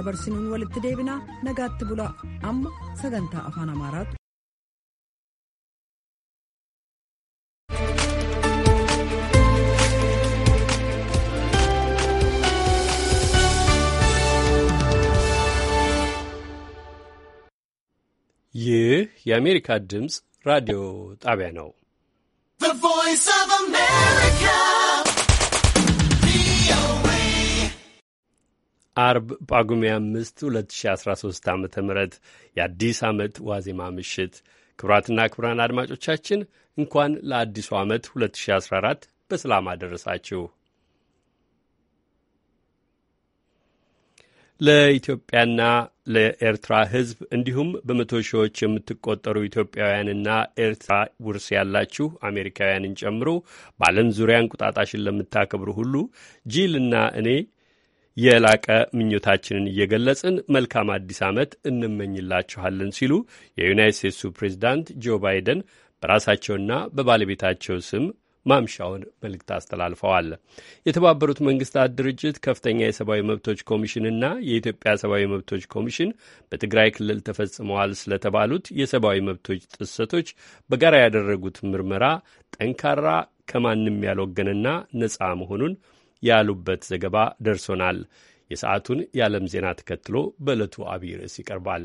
dabarsinuun walitti deebinaa nagaatti bulaa amma sagantaa afaan amaaraatu. ይህ የአሜሪካ ድምፅ ራዲዮ ጣቢያ ነው። The Voice of America አርብ ጳጉሜ 5 2013 ዓ ም የአዲስ ዓመት ዋዜማ ምሽት። ክቡራትና ክቡራን አድማጮቻችን እንኳን ለአዲሱ ዓመት 2014 በሰላም አደረሳችሁ። ለኢትዮጵያና ለኤርትራ ሕዝብ እንዲሁም በመቶ ሺዎች የምትቆጠሩ ኢትዮጵያውያንና ኤርትራ ውርስ ያላችሁ አሜሪካውያንን ጨምሮ በዓለም ዙሪያ እንቁጣጣሽን ለምታከብሩ ሁሉ ጂልና እኔ የላቀ ምኞታችንን እየገለጽን መልካም አዲስ ዓመት እንመኝላችኋለን ሲሉ የዩናይት ስቴትሱ ፕሬዚዳንት ጆ ባይደን በራሳቸውና በባለቤታቸው ስም ማምሻውን መልእክት አስተላልፈዋል። የተባበሩት መንግስታት ድርጅት ከፍተኛ የሰብአዊ መብቶች ኮሚሽንና የኢትዮጵያ ሰብአዊ መብቶች ኮሚሽን በትግራይ ክልል ተፈጽመዋል ስለተባሉት የሰብአዊ መብቶች ጥሰቶች በጋራ ያደረጉት ምርመራ ጠንካራ፣ ከማንም ያልወገንና ነፃ መሆኑን ያሉበት ዘገባ ደርሶናል። የሰዓቱን የዓለም ዜና ተከትሎ በዕለቱ አብይ ርዕስ ይቀርባል።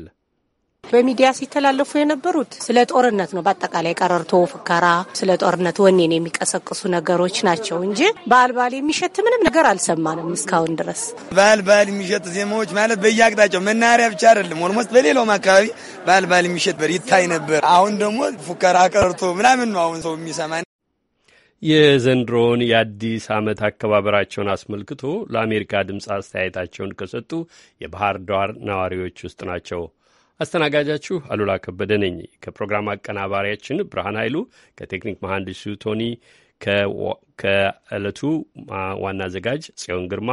በሚዲያ ሲተላለፉ የነበሩት ስለ ጦርነት ነው። በአጠቃላይ ቀረርቶ ፉከራ፣ ስለ ጦርነት ወኔን የሚቀሰቅሱ ነገሮች ናቸው እንጂ በዓል በዓል የሚሸት ምንም ነገር አልሰማንም እስካሁን ድረስ። በዓል በዓል የሚሸት ዜማዎች ማለት በየአቅጣጫው መናኸሪያ ብቻ አይደለም፣ ኦልሞስት በሌላውም አካባቢ በዓል በዓል የሚሸት በር ይታይ ነበር። አሁን ደግሞ ፉከራ፣ ቀረርቶ ምናምን ነው አሁን ሰው የሚሰማ የዘንድሮውን የአዲስ ዓመት አከባበራቸውን አስመልክቶ ለአሜሪካ ድምፅ አስተያየታቸውን ከሰጡ የባህር ዳር ነዋሪዎች ውስጥ ናቸው። አስተናጋጃችሁ አሉላ ከበደ ነኝ። ከፕሮግራም አቀናባሪያችን ብርሃን ኃይሉ፣ ከቴክኒክ መሐንዲሱ ቶኒ፣ ከዕለቱ ዋና አዘጋጅ ጽዮን ግርማ፣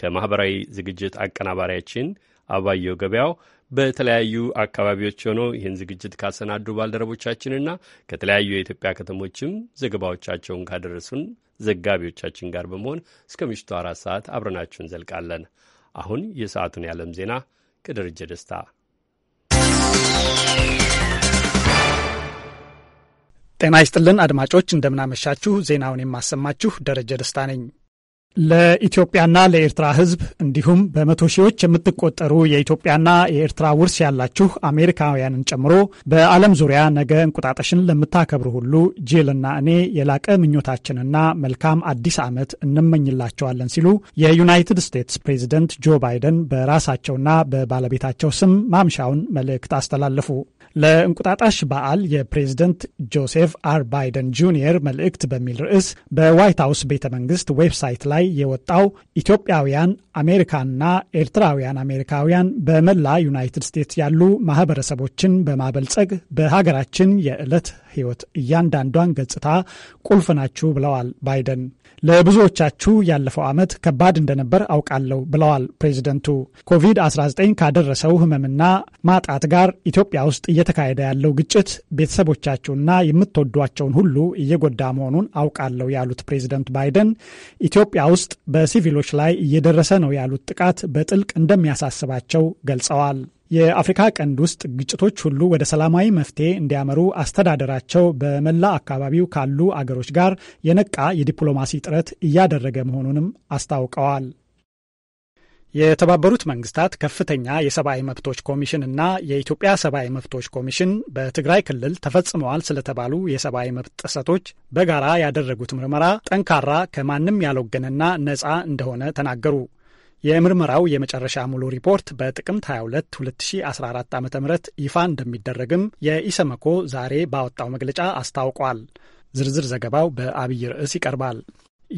ከማኅበራዊ ዝግጅት አቀናባሪያችን አባየው ገበያው በተለያዩ አካባቢዎች ሆነው ይህን ዝግጅት ካሰናዱ ባልደረቦቻችንና ከተለያዩ የኢትዮጵያ ከተሞችም ዘገባዎቻቸውን ካደረሱን ዘጋቢዎቻችን ጋር በመሆን እስከ ምሽቱ አራት ሰዓት አብረናችሁ እንዘልቃለን። አሁን የሰዓቱን የዓለም ዜና ከደረጀ ደስታ ጤና ይስጥልን አድማጮች፣ እንደምናመሻችሁ። ዜናውን የማሰማችሁ ደረጀ ደስታ ነኝ። ለኢትዮጵያና ለኤርትራ ሕዝብ እንዲሁም በመቶ ሺዎች የምትቆጠሩ የኢትዮጵያና የኤርትራ ውርስ ያላችሁ አሜሪካውያንን ጨምሮ በዓለም ዙሪያ ነገ እንቁጣጣሽን ለምታከብሩ ሁሉ ጂልና እኔ የላቀ ምኞታችንና መልካም አዲስ ዓመት እንመኝላቸዋለን ሲሉ የዩናይትድ ስቴትስ ፕሬዚደንት ጆ ባይደን በራሳቸውና በባለቤታቸው ስም ማምሻውን መልእክት አስተላለፉ። ለእንቁጣጣሽ በዓል የፕሬዝደንት ጆሴፍ አር ባይደን ጁኒየር መልእክት በሚል ርዕስ በዋይት ሀውስ ቤተ መንግስት ዌብሳይት ላይ ላይ የወጣው ኢትዮጵያውያን አሜሪካና ኤርትራውያን አሜሪካውያን በመላ ዩናይትድ ስቴትስ ያሉ ማህበረሰቦችን በማበልጸግ በሀገራችን የዕለት ሕይወት እያንዳንዷን ገጽታ ቁልፍ ናችሁ ብለዋል ባይደን። ለብዙዎቻችሁ ያለፈው ዓመት ከባድ እንደነበር አውቃለሁ ብለዋል ፕሬዚደንቱ። ኮቪድ-19 ካደረሰው ህመምና ማጣት ጋር ኢትዮጵያ ውስጥ እየተካሄደ ያለው ግጭት ቤተሰቦቻችሁና የምትወዷቸውን ሁሉ እየጎዳ መሆኑን አውቃለሁ ያሉት ፕሬዚደንት ባይደን ኢትዮጵያ ውስጥ በሲቪሎች ላይ እየደረሰ ነው ያሉት ጥቃት በጥልቅ እንደሚያሳስባቸው ገልጸዋል። የአፍሪካ ቀንድ ውስጥ ግጭቶች ሁሉ ወደ ሰላማዊ መፍትሄ እንዲያመሩ አስተዳደራቸው በመላ አካባቢው ካሉ አገሮች ጋር የነቃ የዲፕሎማሲ ጥረት እያደረገ መሆኑንም አስታውቀዋል። የተባበሩት መንግስታት ከፍተኛ የሰብአዊ መብቶች ኮሚሽን እና የኢትዮጵያ ሰብአዊ መብቶች ኮሚሽን በትግራይ ክልል ተፈጽመዋል ስለተባሉ የሰብአዊ መብት ጥሰቶች በጋራ ያደረጉት ምርመራ ጠንካራ፣ ከማንም ያልወገነና ነፃ እንደሆነ ተናገሩ። የምርመራው የመጨረሻ ሙሉ ሪፖርት በጥቅምት 22 2014 ዓ ም ይፋ እንደሚደረግም የኢሰመኮ ዛሬ ባወጣው መግለጫ አስታውቋል። ዝርዝር ዘገባው በአብይ ርዕስ ይቀርባል።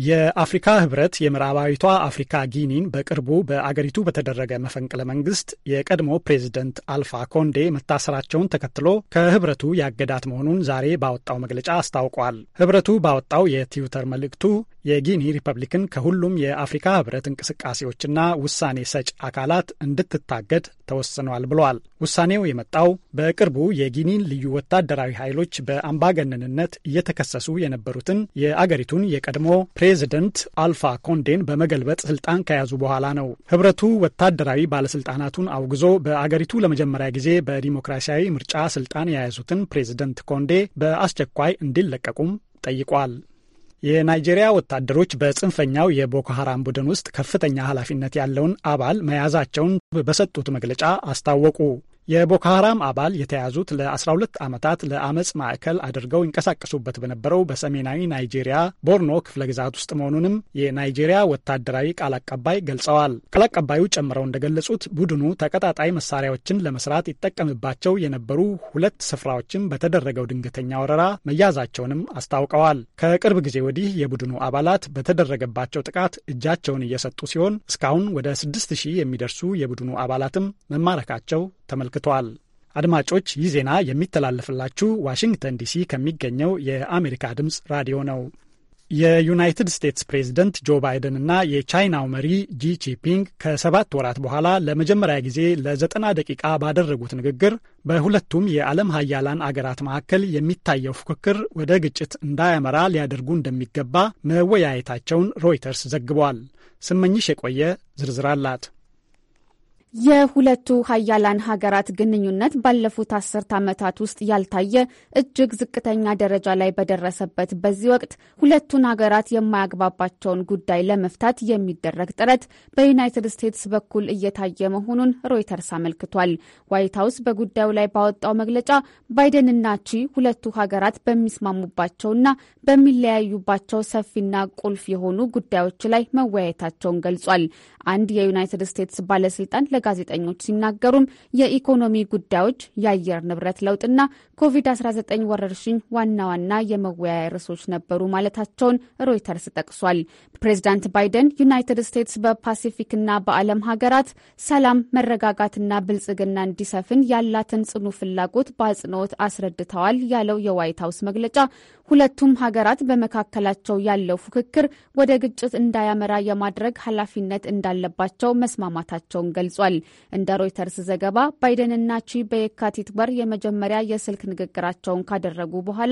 የአፍሪካ ህብረት የምዕራባዊቷ አፍሪካ ጊኒን በቅርቡ በአገሪቱ በተደረገ መፈንቅለ መንግስት የቀድሞ ፕሬዝደንት አልፋ ኮንዴ መታሰራቸውን ተከትሎ ከህብረቱ ያገዳት መሆኑን ዛሬ ባወጣው መግለጫ አስታውቋል። ህብረቱ ባወጣው የትዊተር መልእክቱ የጊኒ ሪፐብሊክን ከሁሉም የአፍሪካ ህብረት እንቅስቃሴዎችና ውሳኔ ሰጭ አካላት እንድትታገድ ተወስኗል ብለዋል። ውሳኔው የመጣው በቅርቡ የጊኒን ልዩ ወታደራዊ ኃይሎች በአምባገነንነት እየተከሰሱ የነበሩትን የአገሪቱን የቀድሞ ፕሬዚደንት አልፋ ኮንዴን በመገልበጥ ስልጣን ከያዙ በኋላ ነው። ህብረቱ ወታደራዊ ባለስልጣናቱን አውግዞ በአገሪቱ ለመጀመሪያ ጊዜ በዲሞክራሲያዊ ምርጫ ስልጣን የያዙትን ፕሬዚደንት ኮንዴ በአስቸኳይ እንዲለቀቁም ጠይቋል። የናይጄሪያ ወታደሮች በጽንፈኛው የቦኮ ሀራም ቡድን ውስጥ ከፍተኛ ኃላፊነት ያለውን አባል መያዛቸውን በሰጡት መግለጫ አስታወቁ። የቦኮ አባል የተያዙት ለ12 ዓመታት ለአመፅ ማዕከል አድርገው ይንቀሳቀሱበት በነበረው በሰሜናዊ ናይጄሪያ ቦርኖ ክፍለ ግዛት ውስጥ መሆኑንም የናይጄሪያ ወታደራዊ ቃል አቀባይ ገልጸዋል። ቃል አቀባዩ ጨምረው እንደገለጹት ቡድኑ ተቀጣጣይ መሳሪያዎችን ለመስራት ይጠቀምባቸው የነበሩ ሁለት ስፍራዎችን በተደረገው ድንገተኛ ወረራ መያዛቸውንም አስታውቀዋል። ከቅርብ ጊዜ ወዲህ የቡድኑ አባላት በተደረገባቸው ጥቃት እጃቸውን እየሰጡ ሲሆን እስካሁን ወደ 6000 የሚደርሱ የቡድኑ አባላትም መማረካቸው ተመልክቷል። አመልክቷል። አድማጮች ይህ ዜና የሚተላለፍላችሁ ዋሽንግተን ዲሲ ከሚገኘው የአሜሪካ ድምፅ ራዲዮ ነው። የዩናይትድ ስቴትስ ፕሬዝደንት ጆ ባይደን እና የቻይናው መሪ ጂ ከሰባት ወራት በኋላ ለመጀመሪያ ጊዜ ለዘጠና ደቂቃ ባደረጉት ንግግር በሁለቱም የዓለም ሀያላን አገራት መካከል የሚታየው ፉክክር ወደ ግጭት እንዳያመራ ሊያደርጉ እንደሚገባ መወያየታቸውን ሮይተርስ ዘግቧል። ስመኝሽ የቆየ ዝርዝር አላት። የሁለቱ ሀያላን ሀገራት ግንኙነት ባለፉት አስርት ዓመታት ውስጥ ያልታየ እጅግ ዝቅተኛ ደረጃ ላይ በደረሰበት በዚህ ወቅት ሁለቱን ሀገራት የማያግባባቸውን ጉዳይ ለመፍታት የሚደረግ ጥረት በዩናይትድ ስቴትስ በኩል እየታየ መሆኑን ሮይተርስ አመልክቷል። ዋይት ሀውስ በጉዳዩ ላይ ባወጣው መግለጫ ባይደንና ቺ ሁለቱ ሀገራት በሚስማሙባቸውና በሚለያዩባቸው ሰፊና ቁልፍ የሆኑ ጉዳዮች ላይ መወያየታቸውን ገልጿል። አንድ የዩናይትድ ስቴትስ ባለስልጣን ለጋዜጠኞች ሲናገሩም የኢኮኖሚ ጉዳዮች፣ የአየር ንብረት ለውጥና ኮቪድ-19 ወረርሽኝ ዋና ዋና የመወያያ ርዕሶች ነበሩ ማለታቸውን ሮይተርስ ጠቅሷል። ፕሬዚዳንት ባይደን ዩናይትድ ስቴትስ በፓሲፊክና በዓለም ሀገራት ሰላም፣ መረጋጋትና ብልጽግና እንዲሰፍን ያላትን ጽኑ ፍላጎት በአጽንኦት አስረድተዋል ያለው የዋይት ሀውስ መግለጫ ሁለቱም ሀገራት በመካከላቸው ያለው ፉክክር ወደ ግጭት እንዳያመራ የማድረግ ኃላፊነት እንዳለባቸው መስማማታቸውን ገልጿል። እንደ ሮይተርስ ዘገባ ባይደንና ቺ በየካቲት ወር የመጀመሪያ የስልክ ንግግራቸውን ካደረጉ በኋላ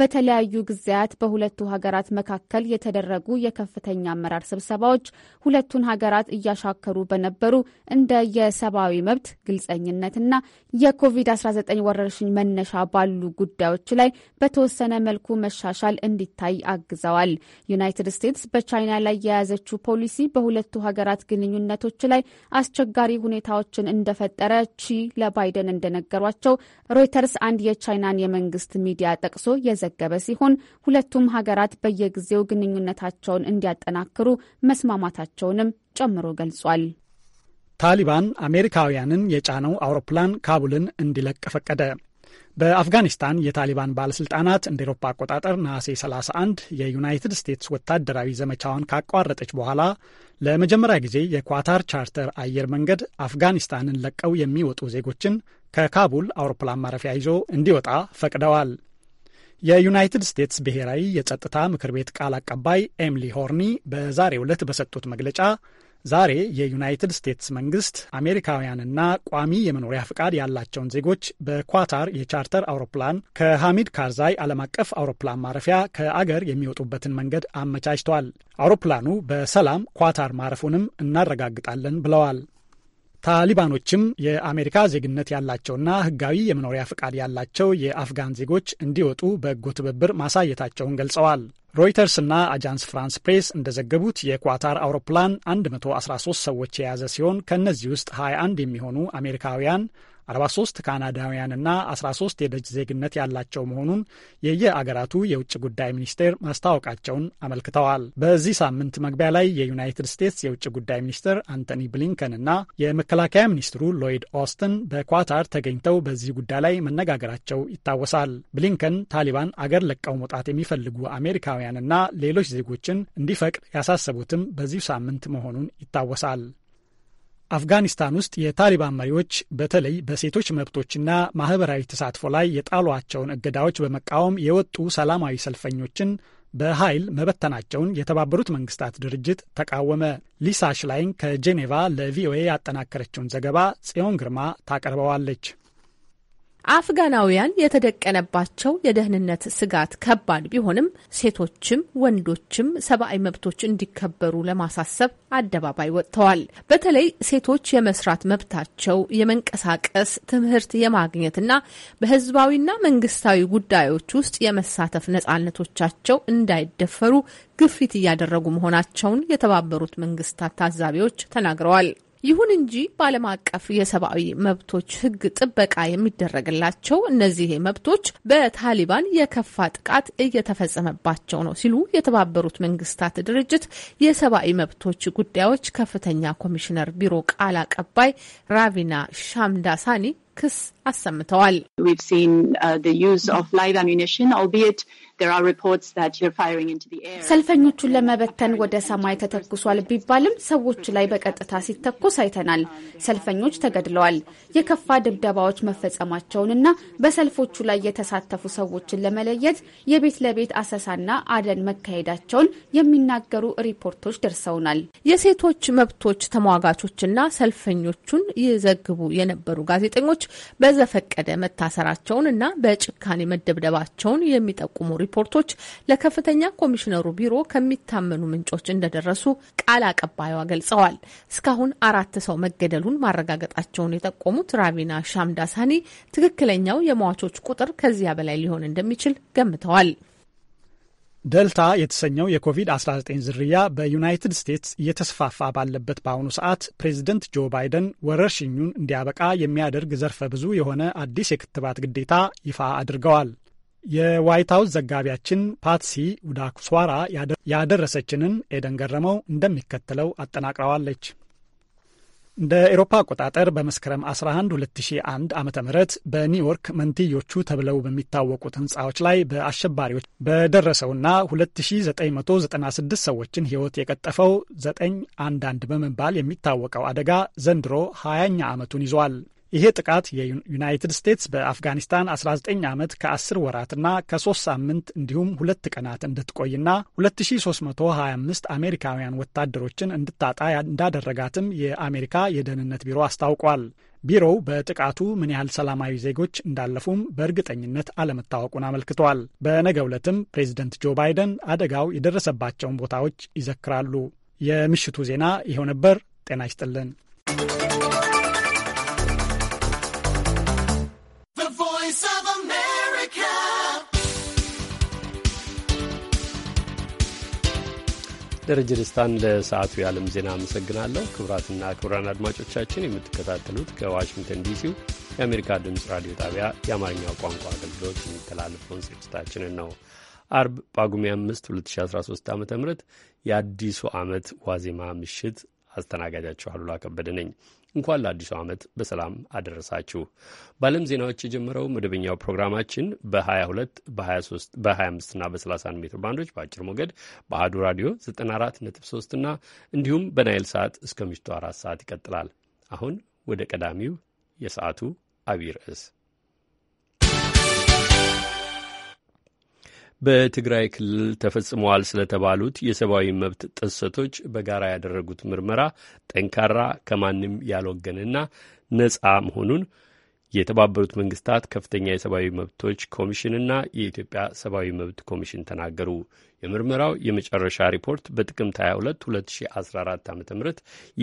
በተለያዩ ጊዜያት በሁለቱ ሀገራት መካከል የተደረጉ የከፍተኛ አመራር ስብሰባዎች ሁለቱን ሀገራት እያሻከሩ በነበሩ እንደ የሰብአዊ መብት ግልጸኝነትና የኮቪድ-19 ወረርሽኝ መነሻ ባሉ ጉዳዮች ላይ በተወሰነ መልኩ መሻሻል እንዲታይ አግዘዋል። ዩናይትድ ስቴትስ በቻይና ላይ የያዘችው ፖሊሲ በሁለቱ ሀገራት ግንኙነቶች ላይ አስቸጋሪ ሁኔታዎችን እንደፈጠረ ቺ ለባይደን እንደነገሯቸው ሮይተርስ አንድ የቻይናን የመንግስት ሚዲያ ጠቅሶ የዘገበ ሲሆን ሁለቱም ሀገራት በየጊዜው ግንኙነታቸውን እንዲያጠናክሩ መስማማታቸውንም ጨምሮ ገልጿል። ታሊባን አሜሪካውያንን የጫነው አውሮፕላን ካቡልን እንዲለቅ ፈቀደ። በአፍጋኒስታን የታሊባን ባለስልጣናት እንደ ኤሮፓ አቆጣጠር ነሐሴ 31 የዩናይትድ ስቴትስ ወታደራዊ ዘመቻውን ካቋረጠች በኋላ ለመጀመሪያ ጊዜ የኳታር ቻርተር አየር መንገድ አፍጋኒስታንን ለቀው የሚወጡ ዜጎችን ከካቡል አውሮፕላን ማረፊያ ይዞ እንዲወጣ ፈቅደዋል። የዩናይትድ ስቴትስ ብሔራዊ የጸጥታ ምክር ቤት ቃል አቀባይ ኤምሊ ሆርኒ በዛሬው ዕለት በሰጡት መግለጫ ዛሬ የዩናይትድ ስቴትስ መንግስት አሜሪካውያንና ቋሚ የመኖሪያ ፍቃድ ያላቸውን ዜጎች በኳታር የቻርተር አውሮፕላን ከሐሚድ ካርዛይ ዓለም አቀፍ አውሮፕላን ማረፊያ ከአገር የሚወጡበትን መንገድ አመቻችተዋል። አውሮፕላኑ በሰላም ኳታር ማረፉንም እናረጋግጣለን ብለዋል። ታሊባኖችም የአሜሪካ ዜግነት ያላቸውና ሕጋዊ የመኖሪያ ፈቃድ ያላቸው የአፍጋን ዜጎች እንዲወጡ በጎ ትብብር ማሳየታቸውን ገልጸዋል። ሮይተርስና አጃንስ ፍራንስ ፕሬስ እንደዘገቡት የኳታር አውሮፕላን 113 ሰዎች የያዘ ሲሆን ከእነዚህ ውስጥ 21 የሚሆኑ አሜሪካውያን 43 ካናዳውያንና 13 የደጅ ዜግነት ያላቸው መሆኑን የየአገራቱ የውጭ ጉዳይ ሚኒስቴር ማስታወቃቸውን አመልክተዋል። በዚህ ሳምንት መግቢያ ላይ የዩናይትድ ስቴትስ የውጭ ጉዳይ ሚኒስትር አንቶኒ እና የመከላከያ ሚኒስትሩ ሎይድ ኦስትን በኳታር ተገኝተው በዚህ ጉዳይ ላይ መነጋገራቸው ይታወሳል። ብሊንከን ታሊባን አገር ለቀው መውጣት የሚፈልጉ አሜሪካውያንና ሌሎች ዜጎችን እንዲፈቅድ ያሳሰቡትም በዚሁ ሳምንት መሆኑን ይታወሳል። አፍጋኒስታን ውስጥ የታሊባን መሪዎች በተለይ በሴቶች መብቶችና ማህበራዊ ተሳትፎ ላይ የጣሏቸውን እገዳዎች በመቃወም የወጡ ሰላማዊ ሰልፈኞችን በኃይል መበተናቸውን የተባበሩት መንግስታት ድርጅት ተቃወመ። ሊሳ ሽላይን ከጄኔቫ ለቪኦኤ ያጠናከረችውን ዘገባ ጽዮን ግርማ ታቀርበዋለች። አፍጋናውያን የተደቀነባቸው የደህንነት ስጋት ከባድ ቢሆንም ሴቶችም ወንዶችም ሰብአዊ መብቶች እንዲከበሩ ለማሳሰብ አደባባይ ወጥተዋል። በተለይ ሴቶች የመስራት መብታቸው፣ የመንቀሳቀስ፣ ትምህርት የማግኘትና በህዝባዊና መንግስታዊ ጉዳዮች ውስጥ የመሳተፍ ነጻነቶቻቸው እንዳይደፈሩ ግፊት እያደረጉ መሆናቸውን የተባበሩት መንግስታት ታዛቢዎች ተናግረዋል። ይሁን እንጂ በዓለም አቀፍ የሰብአዊ መብቶች ሕግ ጥበቃ የሚደረግላቸው እነዚህ መብቶች በታሊባን የከፋ ጥቃት እየተፈጸመባቸው ነው ሲሉ የተባበሩት መንግስታት ድርጅት የሰብአዊ መብቶች ጉዳዮች ከፍተኛ ኮሚሽነር ቢሮ ቃል አቀባይ ራቪና ሻምዳሳኒ ክስ አሰምተዋል። uh, ሰልፈኞቹን ለመበተን ወደ ሰማይ ተተኩሷል ቢባልም ሰዎች ላይ በቀጥታ ሲተኩስ አይተናል። ሰልፈኞች ተገድለዋል። የከፋ ድብደባዎች መፈጸማቸውንና በሰልፎቹ ላይ የተሳተፉ ሰዎችን ለመለየት የቤት ለቤት አሰሳና አደን መካሄዳቸውን የሚናገሩ ሪፖርቶች ደርሰውናል። የሴቶች መብቶች ተሟጋቾችና ሰልፈኞቹን ይዘግቡ የነበሩ ጋዜጠኞች በ በዘፈቀደ መታሰራቸውን እና በጭካኔ መደብደባቸውን የሚጠቁሙ ሪፖርቶች ለከፍተኛ ኮሚሽነሩ ቢሮ ከሚታመኑ ምንጮች እንደደረሱ ቃል አቀባይዋ ገልጸዋል። እስካሁን አራት ሰው መገደሉን ማረጋገጣቸውን የጠቆሙት ራቪና ሻምዳሳኒ ትክክለኛው የሟቾች ቁጥር ከዚያ በላይ ሊሆን እንደሚችል ገምተዋል። ደልታ የተሰኘው የኮቪድ-19 ዝርያ በዩናይትድ ስቴትስ እየተስፋፋ ባለበት በአሁኑ ሰዓት ፕሬዚደንት ጆ ባይደን ወረርሽኙን እንዲያበቃ የሚያደርግ ዘርፈ ብዙ የሆነ አዲስ የክትባት ግዴታ ይፋ አድርገዋል። የዋይት ሀውስ ዘጋቢያችን ፓትሲ ውዳኩስዋራ ያደረሰችንን ኤደን ገረመው እንደሚከተለው አጠናቅረዋለች። እንደ ኤሮፓ አቆጣጠር በመስከረም 11 2001 ዓ ም በኒውዮርክ መንትዮቹ ተብለው በሚታወቁት ህንፃዎች ላይ በአሸባሪዎች በደረሰውና 2996 ሰዎችን ህይወት የቀጠፈው 911 በመባል የሚታወቀው አደጋ ዘንድሮ 20ኛ ዓመቱን ይዟል። ይሄ ጥቃት የዩናይትድ ስቴትስ በአፍጋኒስታን 19 ዓመት ከ10 ወራትና ከ3 ሳምንት እንዲሁም ሁለት ቀናት እንድትቆይና 2325 አሜሪካውያን ወታደሮችን እንድታጣ እንዳደረጋትም የአሜሪካ የደህንነት ቢሮ አስታውቋል። ቢሮው በጥቃቱ ምን ያህል ሰላማዊ ዜጎች እንዳለፉም በእርግጠኝነት አለመታወቁን አመልክቷል። በነገ ዕለትም ፕሬዚደንት ጆ ባይደን አደጋው የደረሰባቸውን ቦታዎች ይዘክራሉ። የምሽቱ ዜና ይኸው ነበር። ጤና ይስጥልን። ደረጀ ደስታን ለሰዓቱ የዓለም ዜና አመሰግናለሁ። ክቡራትና ክቡራን አድማጮቻችን የምትከታተሉት ከዋሽንግተን ዲሲው የአሜሪካ ድምፅ ራዲዮ ጣቢያ የአማርኛው ቋንቋ አገልግሎት የሚተላለፈውን ስርጭታችንን ነው። አርብ ጳጉሜ 5 2013 ዓ ም የአዲሱ ዓመት ዋዜማ ምሽት አስተናጋጃችሁ አሉላ ከበደ ነኝ። እንኳን ለአዲሱ ዓመት በሰላም አደረሳችሁ። በዓለም ዜናዎች የጀመረው መደበኛው ፕሮግራማችን በ22 በ23 በ25 ና በ31 ሜትር ባንዶች በአጭር ሞገድ በአህዱ ራዲዮ 94.3 እና እንዲሁም በናይል ሰዓት እስከ ምሽቱ አራት ሰዓት ይቀጥላል። አሁን ወደ ቀዳሚው የሰዓቱ አብይ ርዕስ በትግራይ ክልል ተፈጽመዋል ስለተባሉት የሰብአዊ መብት ጥሰቶች በጋራ ያደረጉት ምርመራ ጠንካራ ከማንም ያልወገንና ነጻ መሆኑን የተባበሩት መንግስታት ከፍተኛ የሰብአዊ መብቶች ኮሚሽንና የኢትዮጵያ ሰብአዊ መብት ኮሚሽን ተናገሩ። የምርመራው የመጨረሻ ሪፖርት በጥቅምት 22 2014 ዓ ም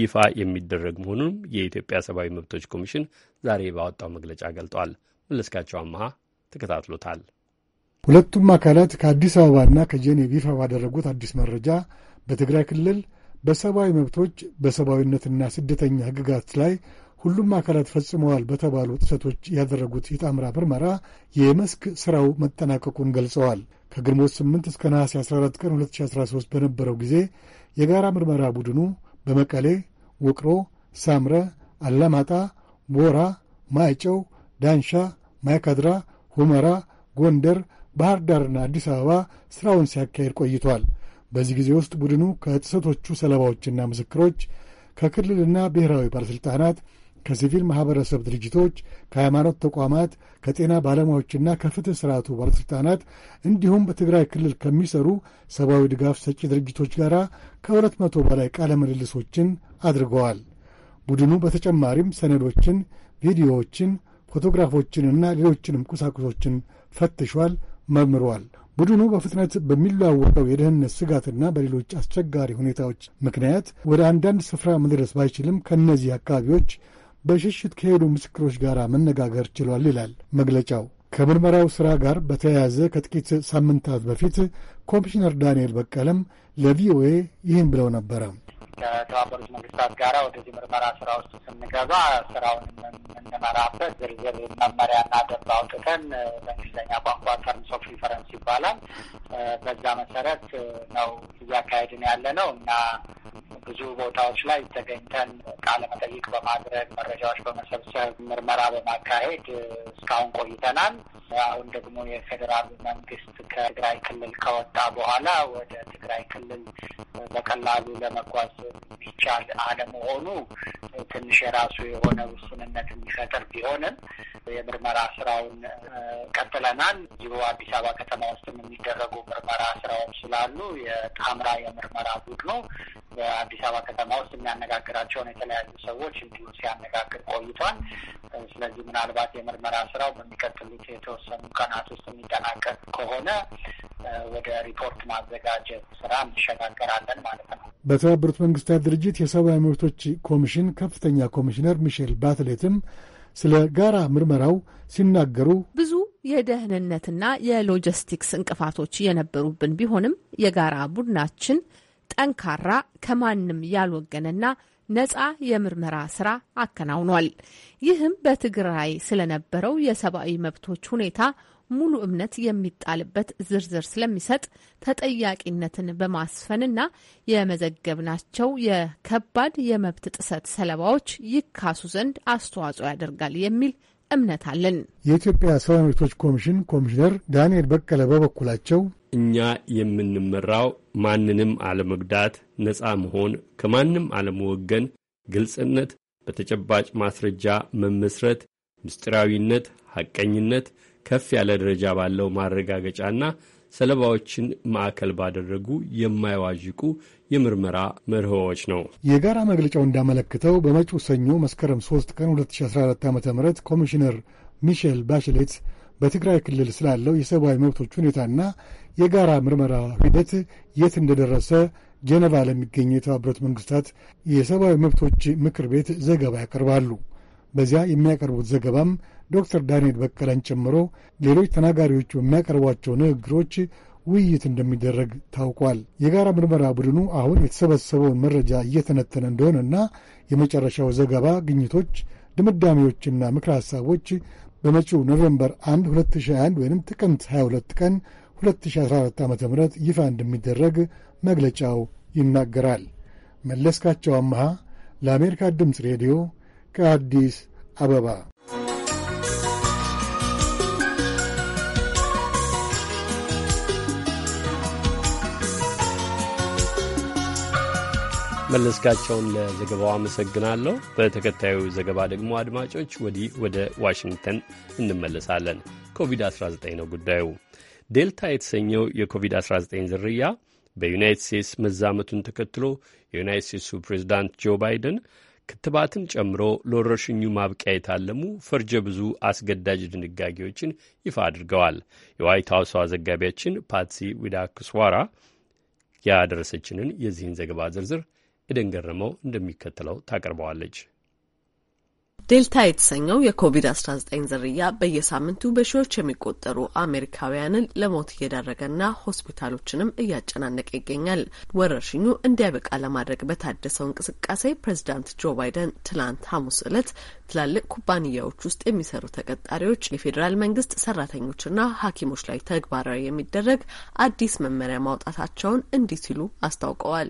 ይፋ የሚደረግ መሆኑንም የኢትዮጵያ ሰብአዊ መብቶች ኮሚሽን ዛሬ ባወጣው መግለጫ ገልጧል። መለስካቸው አመሃ ተከታትሎታል። ሁለቱም አካላት ከአዲስ አበባና ከጄኔቭ ይፋ ባደረጉት አዲስ መረጃ በትግራይ ክልል በሰብአዊ መብቶች በሰብአዊነትና ስደተኛ ሕግጋት ላይ ሁሉም አካላት ፈጽመዋል በተባሉ ጥሰቶች ያደረጉት የጣምራ ምርመራ የመስክ ሥራው መጠናቀቁን ገልጸዋል። ከግንቦት 8 እስከ ነሐሴ 14 ቀን 2013 በነበረው ጊዜ የጋራ ምርመራ ቡድኑ በመቀሌ፣ ውቅሮ፣ ሳምረ፣ አላማጣ፣ ቦራ፣ ማይጨው፣ ዳንሻ፣ ማይካድራ፣ ሁመራ፣ ጎንደር ባህር ዳርና አዲስ አበባ ስራውን ሲያካሄድ ቆይቷል። በዚህ ጊዜ ውስጥ ቡድኑ ከጥሰቶቹ ሰለባዎችና ምስክሮች ከክልልና ብሔራዊ ባለሥልጣናት፣ ከሲቪል ማኅበረሰብ ድርጅቶች፣ ከሃይማኖት ተቋማት፣ ከጤና ባለሙያዎችና ከፍትሕ ሥርዓቱ ባለሥልጣናት እንዲሁም በትግራይ ክልል ከሚሰሩ ሰብአዊ ድጋፍ ሰጪ ድርጅቶች ጋር ከሁለት መቶ በላይ ቃለ ምልልሶችን አድርገዋል። ቡድኑ በተጨማሪም ሰነዶችን፣ ቪዲዮዎችን፣ ፎቶግራፎችንና ሌሎችንም ቁሳቁሶችን ፈትሿል፣ መርምረዋል። ቡድኑ በፍጥነት በሚለዋወጠው የደህንነት ስጋትና በሌሎች አስቸጋሪ ሁኔታዎች ምክንያት ወደ አንዳንድ ስፍራ መድረስ ባይችልም ከእነዚህ አካባቢዎች በሽሽት ከሄዱ ምስክሮች ጋር መነጋገር ችሏል ይላል መግለጫው። ከምርመራው ሥራ ጋር በተያያዘ ከጥቂት ሳምንታት በፊት ኮሚሽነር ዳንኤል በቀለም ለቪኦኤ ይህን ብለው ነበረ። ከተባበሩት መንግስታት ጋር ወደዚህ ምርመራ ስራ ውስጥ ስንገባ ስራውን የምንመራበት ዝርዝር መመሪያና ደንብ አውጥተን በእንግሊዝኛ ቋንቋ ተርምስ ኦፍ ሪፈረንስ ይባላል። በዛ መሰረት ነው እያካሄድን ያለ ነው እና ብዙ ቦታዎች ላይ ተገኝተን ቃለ መጠይቅ በማድረግ መረጃዎች በመሰብሰብ ምርመራ በማካሄድ እስካሁን ቆይተናል። አሁን ደግሞ የፌዴራል መንግስት ከትግራይ ክልል ከወጣ በኋላ ወደ ትግራይ ክልል በቀላሉ ለመጓዝ የሚቻል አለመሆኑ ትንሽ የራሱ የሆነ ውስንነት የሚፈጥር ቢሆንም የምርመራ ስራውን ቀጥለናል። እዚሁ አዲስ አበባ ከተማ ውስጥም የሚደረጉ ምርመራ ስራዎች ስላሉ የጣምራ የምርመራ ቡድኑ አዲስ አበባ ከተማ ውስጥ የሚያነጋግራቸውን የተለያዩ ሰዎች እንዲሁ ሲያነጋግር ቆይቷል። ስለዚህ ምናልባት የምርመራ ስራው በሚቀጥሉት የተወሰኑ ቀናት ውስጥ የሚጠናቀቅ ከሆነ ወደ ሪፖርት ማዘጋጀት ስራ እንሸጋገራለን ማለት ነው። በተባበሩት መንግስታት ድርጅት የሰብአዊ መብቶች ኮሚሽን ከፍተኛ ኮሚሽነር ሚሼል ባትሌትም ስለ ጋራ ምርመራው ሲናገሩ ብዙ የደህንነትና የሎጂስቲክስ እንቅፋቶች የነበሩብን ቢሆንም የጋራ ቡድናችን ጠንካራ ከማንም ያልወገነና ነጻ የምርመራ ስራ አከናውኗል። ይህም በትግራይ ስለነበረው የሰብአዊ መብቶች ሁኔታ ሙሉ እምነት የሚጣልበት ዝርዝር ስለሚሰጥ ተጠያቂነትን በማስፈንና የመዘገብናቸው የከባድ የመብት ጥሰት ሰለባዎች ይካሱ ዘንድ አስተዋጽኦ ያደርጋል የሚል እምነት አለን። የኢትዮጵያ ሰብአዊ መብቶች ኮሚሽን ኮሚሽነር ዳንኤል በቀለ በበኩላቸው እኛ የምንመራው ማንንም አለመጉዳት፣ ነፃ መሆን፣ ከማንም አለመወገን፣ ግልጽነት፣ በተጨባጭ ማስረጃ መመስረት፣ ምስጢራዊነት፣ ሐቀኝነት፣ ከፍ ያለ ደረጃ ባለው ማረጋገጫና ሰለባዎችን ማዕከል ባደረጉ የማይዋዥቁ የምርመራ መርህዎች ነው። የጋራ መግለጫው እንዳመለክተው በመጪው ሰኞ መስከረም 3 ቀን 2014 ዓ ም ኮሚሽነር ሚሼል ባሽሌት በትግራይ ክልል ስላለው የሰብአዊ መብቶች ሁኔታና የጋራ ምርመራ ሂደት የት እንደደረሰ ጀነቫ ለሚገኘው የተባበሩት መንግስታት የሰብአዊ መብቶች ምክር ቤት ዘገባ ያቀርባሉ። በዚያ የሚያቀርቡት ዘገባም ዶክተር ዳንኤል በቀለን ጨምሮ ሌሎች ተናጋሪዎቹ የሚያቀርቧቸው ንግግሮች ውይይት እንደሚደረግ ታውቋል። የጋራ ምርመራ ቡድኑ አሁን የተሰበሰበውን መረጃ እየተነተነ እንደሆነና የመጨረሻው ዘገባ ግኝቶች፣ ድምዳሜዎችና ምክረ ሐሳቦች በመጪው ኖቬምበር 1 2021 ወይም ጥቅምት 22 ቀን 2014 ዓ ም ይፋ እንደሚደረግ መግለጫው ይናገራል። መለስካቸው አመሃ ለአሜሪካ ድምፅ ሬዲዮ ከአዲስ አበባ መለስካቸውን ለዘገባው አመሰግናለሁ። በተከታዩ ዘገባ ደግሞ አድማጮች ወዲህ ወደ ዋሽንግተን እንመለሳለን። ኮቪድ-19 ነው ጉዳዩ። ዴልታ የተሰኘው የኮቪድ-19 ዝርያ በዩናይት ስቴትስ መዛመቱን ተከትሎ የዩናይት ስቴትሱ ፕሬዚዳንት ጆ ባይደን ክትባትን ጨምሮ ለወረርሽኙ ማብቂያ የታለሙ ፈርጀ ብዙ አስገዳጅ ድንጋጌዎችን ይፋ አድርገዋል። የዋይት ሀውሷ ዘጋቢያችን ፓትሲ ዊዳክስዋራ ያደረሰችንን የዚህን ዘገባ ዝርዝር ኤደን ገረመው እንደሚከተለው ታቀርበዋለች። ዴልታ የተሰኘው የኮቪድ-19 ዝርያ በየሳምንቱ በሺዎች የሚቆጠሩ አሜሪካውያንን ለሞት እየዳረገና ሆስፒታሎችንም እያጨናነቀ ይገኛል። ወረርሽኙ እንዲያበቃ ለማድረግ በታደሰው እንቅስቃሴ ፕሬዚዳንት ጆ ባይደን ትላንት ሐሙስ ዕለት ትላልቅ ኩባንያዎች ውስጥ የሚሰሩ ተቀጣሪዎች፣ የፌዴራል መንግስት ሰራተኞችና ሐኪሞች ላይ ተግባራዊ የሚደረግ አዲስ መመሪያ ማውጣታቸውን እንዲህ ሲሉ አስታውቀዋል።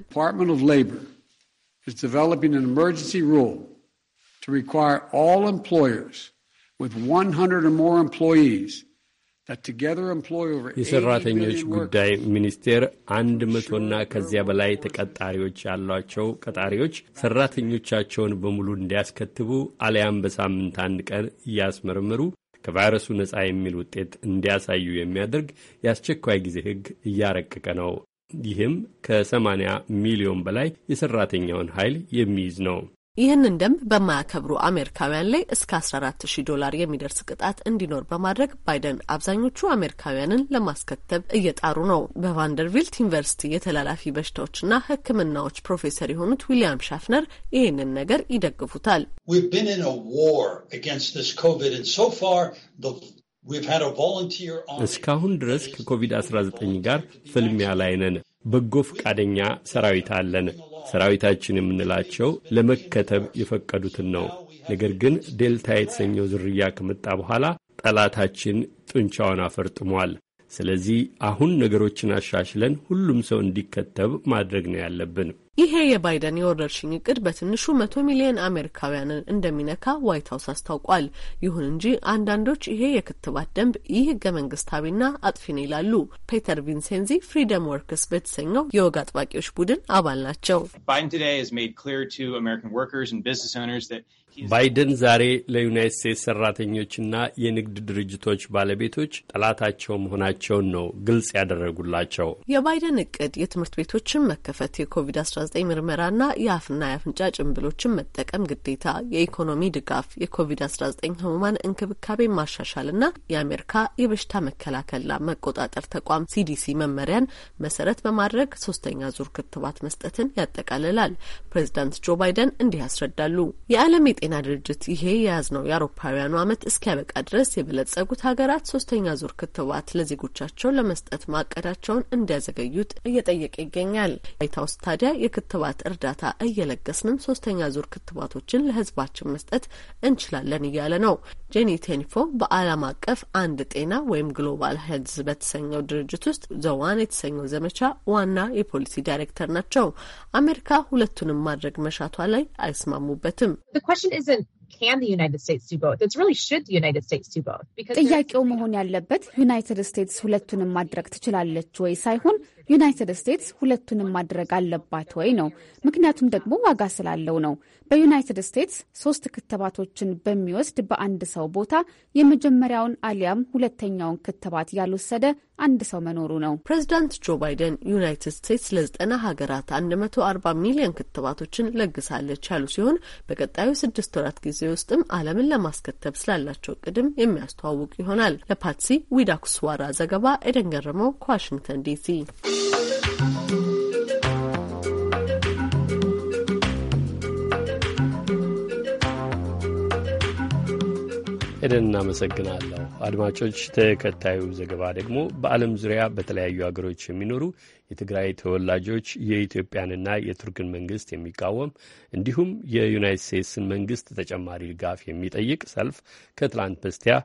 to require all employers with 100 or more employees የሰራተኞች ጉዳይ ሚኒስቴር አንድ መቶና ከዚያ በላይ ተቀጣሪዎች ያሏቸው ቀጣሪዎች ሰራተኞቻቸውን በሙሉ እንዲያስከትቡ አሊያም በሳምንት አንድ ቀን እያስመረመሩ ከቫይረሱ ነፃ የሚል ውጤት እንዲያሳዩ የሚያደርግ የአስቸኳይ ጊዜ ሕግ እያረቀቀ ነው። ይህም ከ80 ሚሊዮን በላይ የሰራተኛውን ኃይል የሚይዝ ነው። ይህንን ደንብ በማያከብሩ አሜሪካውያን ላይ እስከ 140 ዶላር የሚደርስ ቅጣት እንዲኖር በማድረግ ባይደን አብዛኞቹ አሜሪካውያንን ለማስከተብ እየጣሩ ነው። በቫንደርቪልት ዩኒቨርሲቲ የተላላፊ በሽታዎችና ሕክምናዎች ፕሮፌሰር የሆኑት ዊሊያም ሻፍነር ይህንን ነገር ይደግፉታል። እስካሁን ድረስ ከኮቪድ-19 ጋር ፍልሚያ ላይ ነን። በጎ ፈቃደኛ ሰራዊት አለን። ሰራዊታችን የምንላቸው ለመከተብ የፈቀዱትን ነው። ነገር ግን ዴልታ የተሰኘው ዝርያ ከመጣ በኋላ ጠላታችን ጡንቻውን አፈርጥሟል። ስለዚህ አሁን ነገሮችን አሻሽለን ሁሉም ሰው እንዲከተብ ማድረግ ነው ያለብን። ይሄ የባይደን የወረርሽኝ እቅድ በትንሹ መቶ ሚሊዮን አሜሪካውያንን እንደሚነካ ዋይት ሀውስ አስታውቋል። ይሁን እንጂ አንዳንዶች ይሄ የክትባት ደንብ ይህ ህገ መንግስታዊና አጥፊ ነው ይላሉ። ፔተር ቪንሴንዚ ፍሪደም ወርክስ በተሰኘው የወግ አጥባቂዎች ቡድን አባል ናቸው። ባይደን ዛሬ ለዩናይት ስቴትስ ሰራተኞችና የንግድ ድርጅቶች ባለቤቶች ጠላታቸው መሆናቸውን ነው ግልጽ ያደረጉላቸው። የባይደን እቅድ የትምህርት ቤቶችን መከፈት፣ የኮቪድ-19 ምርመራና የአፍና የአፍንጫ ጭንብሎችን መጠቀም ግዴታ፣ የኢኮኖሚ ድጋፍ፣ የኮቪድ-19 ህሙማን እንክብካቤ ማሻሻልና የአሜሪካ የበሽታ መከላከልና መቆጣጠር ተቋም ሲዲሲ መመሪያን መሰረት በማድረግ ሶስተኛ ዙር ክትባት መስጠትን ያጠቃልላል። ፕሬዚዳንት ጆ ባይደን እንዲህ ያስረዳሉ። የዓለም የጤና ድርጅት ይሄ የያዝነው የአውሮፓውያኑ ዓመት እስኪያበቃ ድረስ የበለጸጉት ሀገራት ሶስተኛ ዙር ክትባት ለዜጎቻቸው ለመስጠት ማቀዳቸውን እንዲያዘገዩት እየጠየቀ ይገኛል። ዋይት ሀውስ ታዲያ የክትባት እርዳታ እየለገስንም ሶስተኛ ዙር ክትባቶችን ለህዝባችን መስጠት እንችላለን እያለ ነው። ጄኒ ቴኒፎ በዓለም አቀፍ አንድ ጤና ወይም ግሎባል ሄልዝ በተሰኘው ድርጅት ውስጥ ዘዋን የተሰኘው ዘመቻ ዋና የፖሊሲ ዳይሬክተር ናቸው። አሜሪካ ሁለቱንም ማድረግ መሻቷ ላይ አይስማሙበትም። isn't can the United States do both? It's really should the United States do both? Because ጥያቄው መሆን ያለበት ዩናይትድ ስቴትስ ሁለቱንም ማድረግ ትችላለች ወይ ሳይሆን ዩናይትድ ስቴትስ ሁለቱንም ማድረግ አለባት ወይ ነው። ምክንያቱም ደግሞ ዋጋ ስላለው ነው። በዩናይትድ ስቴትስ ሶስት ክትባቶችን በሚወስድ በአንድ ሰው ቦታ የመጀመሪያውን አሊያም ሁለተኛውን ክትባት ያልወሰደ አንድ ሰው መኖሩ ነው። ፕሬዚዳንት ጆ ባይደን ዩናይትድ ስቴትስ ለዘጠና ሀገራት አንድ መቶ አርባ ሚሊዮን ክትባቶችን ለግሳለች ያሉ ሲሆን በቀጣዩ ስድስት ወራት ጊዜ ውስጥም ዓለምን ለማስከተብ ስላላቸው ቅድም የሚያስተዋውቅ ይሆናል። ለፓትሲ ዊዳኩስዋራ ዘገባ ኤደን ገረመው ከዋሽንግተን ዲሲ ኤደን እናመሰግናለሁ። አድማጮች፣ ተከታዩ ዘገባ ደግሞ በዓለም ዙሪያ በተለያዩ ሀገሮች የሚኖሩ የትግራይ ተወላጆች የኢትዮጵያንና የቱርክን መንግስት የሚቃወም እንዲሁም የዩናይት ስቴትስን መንግስት ተጨማሪ ድጋፍ የሚጠይቅ ሰልፍ ከትላንት በስቲያ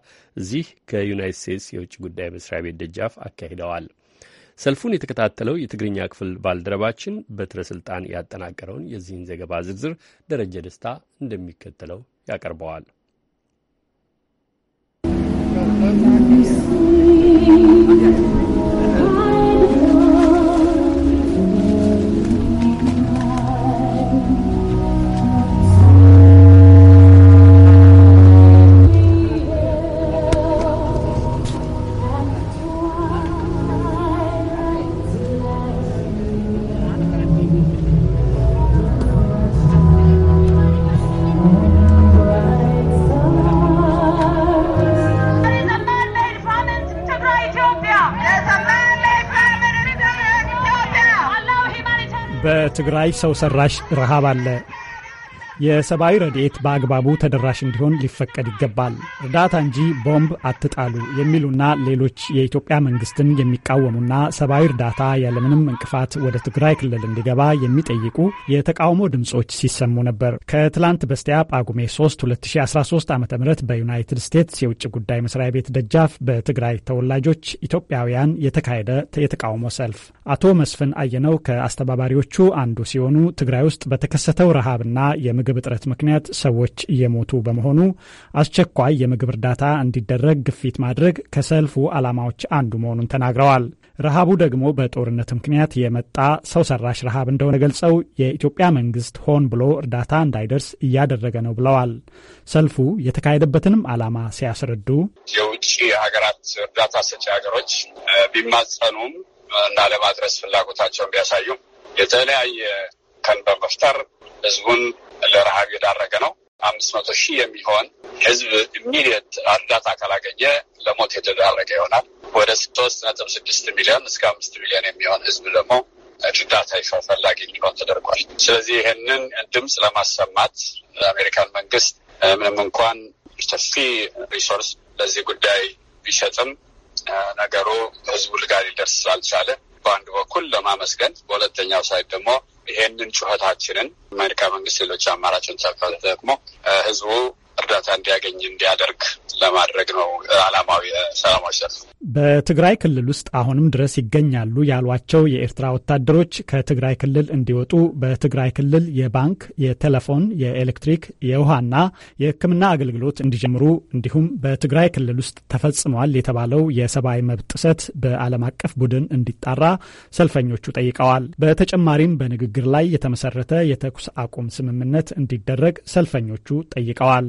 እዚህ ከዩናይት ስቴትስ የውጭ ጉዳይ መስሪያ ቤት ደጃፍ አካሂደዋል። ሰልፉን የተከታተለው የትግርኛ ክፍል ባልደረባችን በትረ ስልጣን ያጠናቀረውን የዚህን ዘገባ ዝርዝር ደረጀ ደስታ እንደሚከተለው ያቀርበዋል። ትግራይ ሰው ሰራሽ ረሃብ አለ የሰብአዊ ረድኤት በአግባቡ ተደራሽ እንዲሆን ሊፈቀድ ይገባል። እርዳታ እንጂ ቦምብ አትጣሉ የሚሉና ሌሎች የኢትዮጵያ መንግስትን የሚቃወሙና ሰብአዊ እርዳታ ያለምንም እንቅፋት ወደ ትግራይ ክልል እንዲገባ የሚጠይቁ የተቃውሞ ድምጾች ሲሰሙ ነበር። ከትላንት በስቲያ ጳጉሜ 3 2013 ዓ ም በዩናይትድ ስቴትስ የውጭ ጉዳይ መስሪያ ቤት ደጃፍ በትግራይ ተወላጆች ኢትዮጵያውያን የተካሄደ የተቃውሞ ሰልፍ አቶ መስፍን አየነው ከአስተባባሪዎቹ አንዱ ሲሆኑ ትግራይ ውስጥ በተከሰተው ረሃብና የምግ በምግብ እጥረት ምክንያት ሰዎች እየሞቱ በመሆኑ አስቸኳይ የምግብ እርዳታ እንዲደረግ ግፊት ማድረግ ከሰልፉ ዓላማዎች አንዱ መሆኑን ተናግረዋል። ረሃቡ ደግሞ በጦርነት ምክንያት የመጣ ሰው ሰራሽ ረሃብ እንደሆነ ገልጸው የኢትዮጵያ መንግስት ሆን ብሎ እርዳታ እንዳይደርስ እያደረገ ነው ብለዋል። ሰልፉ የተካሄደበትንም ዓላማ ሲያስረዱ የውጭ ሀገራት እርዳታ ሰጪ ሀገሮች ቢማጸኑም እና ለማድረስ ፍላጎታቸውን ቢያሳዩም የተለያየ ከን በመፍጠር ህዝቡን ለረሃብ የዳረገ ነው። አምስት መቶ ሺህ የሚሆን ህዝብ ኢሚዲየት እርዳታ ካላገኘ ለሞት የተዳረገ ይሆናል። ወደ ሶስት ነጥብ ስድስት ሚሊዮን እስከ አምስት ሚሊዮን የሚሆን ህዝብ ደግሞ እርዳታ ፈላጊ እንዲሆን ተደርጓል። ስለዚህ ይህንን ድምፅ ለማሰማት ለአሜሪካን መንግስት ምንም እንኳን ሰፊ ሪሶርስ ለዚህ ጉዳይ ቢሰጥም ነገሩ ህዝቡ ልጋ ሊደርስ ስላልቻለ በአንድ በኩል ለማመስገን፣ በሁለተኛው ሳይድ ደግሞ ይሄንን ጩኸታችንን አሜሪካ መንግስት ሌሎች አማራጭን ተጠቅሞ ህዝቡ እርዳታ እንዲያገኝ እንዲያደርግ ለማድረግ ነው ዓላማዊ ሰላማዊ ሰልፍ። በትግራይ ክልል ውስጥ አሁንም ድረስ ይገኛሉ ያሏቸው የኤርትራ ወታደሮች ከትግራይ ክልል እንዲወጡ በትግራይ ክልል የባንክ፣ የቴሌፎን፣ የኤሌክትሪክ፣ የውሃና የሕክምና አገልግሎት እንዲጀምሩ እንዲሁም በትግራይ ክልል ውስጥ ተፈጽሟል የተባለው የሰብአዊ መብት ጥሰት በዓለም አቀፍ ቡድን እንዲጣራ ሰልፈኞቹ ጠይቀዋል። በተጨማሪም በንግግር ላይ የተመሰረተ የተኩስ አቁም ስምምነት እንዲደረግ ሰልፈኞቹ ጠይቀዋል።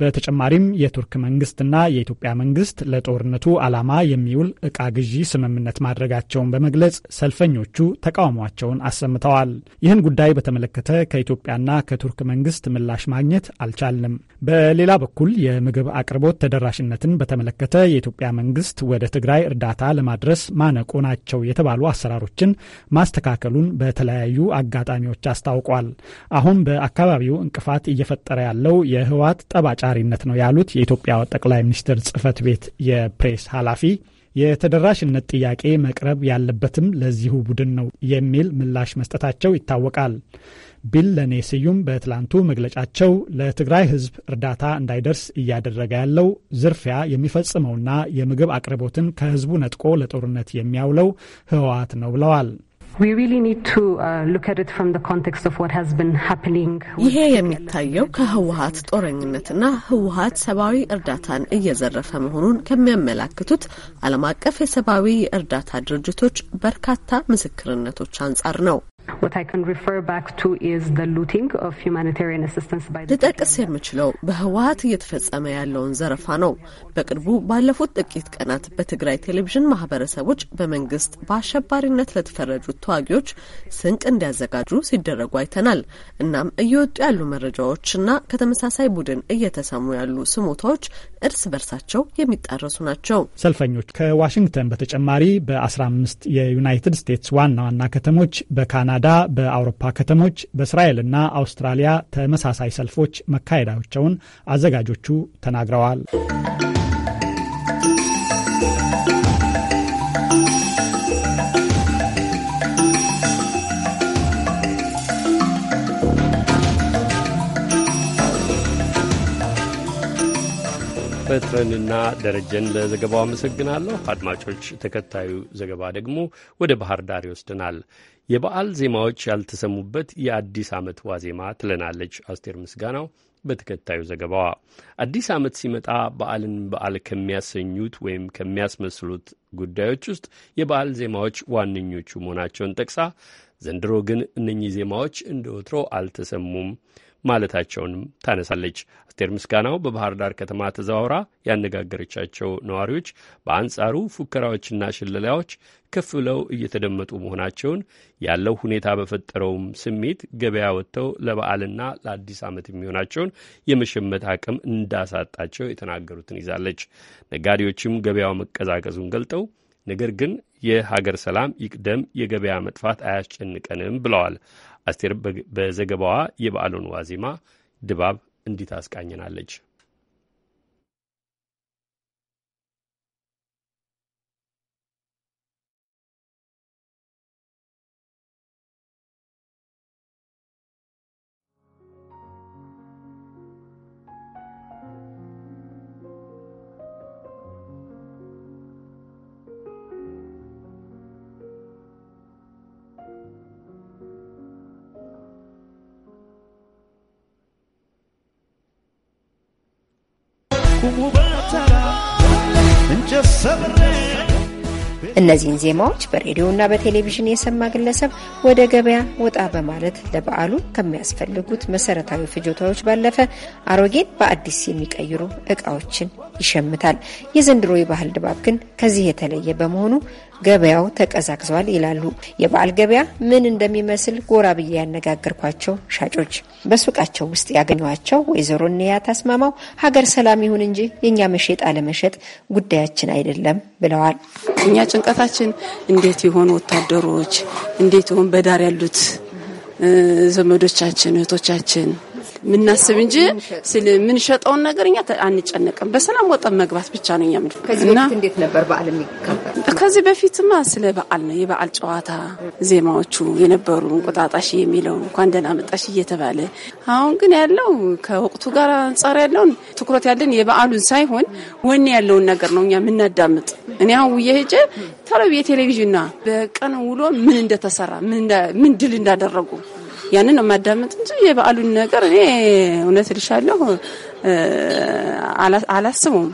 በተጨማሪም የቱርክ መንግስትና የኢትዮጵያ መንግስት ለጦርነቱ ዓላማ የሚውል እቃ ግዢ ስምምነት ማድረጋቸውን በመግለጽ ሰልፈኞቹ ተቃውሟቸውን አሰምተዋል። ይህን ጉዳይ በተመለከተ ከኢትዮጵያና ከቱርክ መንግስት ምላሽ ማግኘት አልቻልንም። በሌላ በኩል የምግብ አቅርቦት ተደራሽነትን በተመለከተ የኢትዮጵያ መንግስት ወደ ትግራይ እርዳታ ለማድረስ ማነቆ ናቸው የተባሉ አሰራሮችን ማስተካከሉን በተለያዩ አጋጣሚዎች አስታውቋል። አሁን በአካባቢው እንቅፋት እየፈጠረ ያለው የህወሓት ጠባጫ ጠራጣሪነት ነው ያሉት የኢትዮጵያ ጠቅላይ ሚኒስትር ጽህፈት ቤት የፕሬስ ኃላፊ የተደራሽነት ጥያቄ መቅረብ ያለበትም ለዚሁ ቡድን ነው የሚል ምላሽ መስጠታቸው ይታወቃል። ለኔ ስዩም በትላንቱ መግለጫቸው ለትግራይ ህዝብ እርዳታ እንዳይደርስ እያደረገ ያለው ዝርፊያ የሚፈጽመውና የምግብ አቅርቦትን ከህዝቡ ነጥቆ ለጦርነት የሚያውለው ህወሓት ነው ብለዋል። ይሄ የሚታየው ከህወሀት ጦረኝነትና ህወሀት ሰብአዊ እርዳታን እየዘረፈ መሆኑን ከሚያመላክቱት ዓለም አቀፍ የሰብአዊ እርዳታ ድርጅቶች በርካታ ምስክርነቶች አንጻር ነው። ልጠቅስ የምችለው በህወሀት እየተፈጸመ ያለውን ዘረፋ ነው። በቅርቡ ባለፉት ጥቂት ቀናት በትግራይ ቴሌቪዥን ማህበረሰቦች በመንግስት በአሸባሪነት ለተፈረጁት ተዋጊዎች ስንቅ እንዲያዘጋጁ ሲደረጉ አይተናል። እናም እየወጡ ያሉ መረጃዎችና ከተመሳሳይ ቡድን እየተሰሙ ያሉ ስሞታዎች እርስ በርሳቸው የሚጣረሱ ናቸው። ሰልፈኞች ከዋሽንግተን በተጨማሪ በ15 የዩናይትድ ስቴትስ ዋና ዋና ከተሞች፣ በካናዳ፣ በአውሮፓ ከተሞች፣ በእስራኤልና አውስትራሊያ ተመሳሳይ ሰልፎች መካሄዳቸውን አዘጋጆቹ ተናግረዋል። በትረንና ደረጀን ለዘገባው አመሰግናለሁ። አድማጮች፣ ተከታዩ ዘገባ ደግሞ ወደ ባህር ዳር ይወስደናል። የበዓል ዜማዎች ያልተሰሙበት የአዲስ ዓመት ዋዜማ ትለናለች አስቴር ምስጋናው በተከታዩ ዘገባዋ። አዲስ ዓመት ሲመጣ በዓልን በዓል ከሚያሰኙት ወይም ከሚያስመስሉት ጉዳዮች ውስጥ የበዓል ዜማዎች ዋነኞቹ መሆናቸውን ጠቅሳ ዘንድሮ ግን እነኚህ ዜማዎች እንደ ወትሮ አልተሰሙም ማለታቸውንም ታነሳለች። አስቴር ምስጋናው በባህር ዳር ከተማ ተዘዋውራ ያነጋገረቻቸው ነዋሪዎች በአንጻሩ ፉከራዎችና ሽለላዎች ከፍ ብለው እየተደመጡ መሆናቸውን ያለው ሁኔታ በፈጠረውም ስሜት ገበያ ወጥተው ለበዓልና ለአዲስ ዓመት የሚሆናቸውን የመሸመት አቅም እንዳሳጣቸው የተናገሩትን ይዛለች። ነጋዴዎችም ገበያው መቀዛቀዙን ገልጠው ነገር ግን የሀገር ሰላም ይቅደም፣ የገበያ መጥፋት አያስጨንቀንም ብለዋል። አስቴር በዘገባዋ የበዓሉን ዋዜማ ድባብ እንዲት አስቃኝናለች። እነዚህን ዜማዎች በሬዲዮና በቴሌቪዥን የሰማ ግለሰብ ወደ ገበያ ወጣ በማለት ለበዓሉ ከሚያስፈልጉት መሰረታዊ ፍጆታዎች ባለፈ አሮጌን በአዲስ የሚቀይሩ እቃዎችን ይሸምታል። የዘንድሮ የባህል ድባብ ግን ከዚህ የተለየ በመሆኑ ገበያው ተቀዛቅዟል ይላሉ። የበዓል ገበያ ምን እንደሚመስል ጎራ ብዬ ያነጋገርኳቸው ሻጮች በሱቃቸው ውስጥ ያገኟቸው ወይዘሮ እንያ ታስማማው ሀገር ሰላም ይሁን እንጂ የእኛ መሸጥ አለመሸጥ ጉዳያችን አይደለም ብለዋል። እኛ ጭንቀታችን እንዴት ይሆን ወታደሮች፣ እንዴት ይሆን በዳር ያሉት ዘመዶቻችን፣ እህቶቻችን የምናስብ እንጂ ስለ ነገር እኛ አንጨነቅም። በሰላም ወጠን መግባት ብቻ ነው እኛ ምድና። እንዴት ነበር በዓል የሚከበር? ከዚህ በፊትማ ስለ በዓል ነው የበዓል ጨዋታ ዜማዎቹ የነበሩ እንቁጣጣሽ የሚለው እንኳን ደህና መጣሽ እየተባለ አሁን ግን ያለው ከወቅቱ ጋር አንጻር ያለውን ትኩረት ያለን የበዓሉን ሳይሆን ወኔ ያለውን ነገር ነው እኛ የምናዳምጥ። እኔ አሁን ውዬ ሄጄ የቴሌቪዥንና በቀን ውሎ ምን እንደተሰራ ምን ድል እንዳደረጉ ያንን ነው የማዳመጥ እንጂ የበዓሉን ነገር እኔ እውነት ልሻለሁ አላስበውም።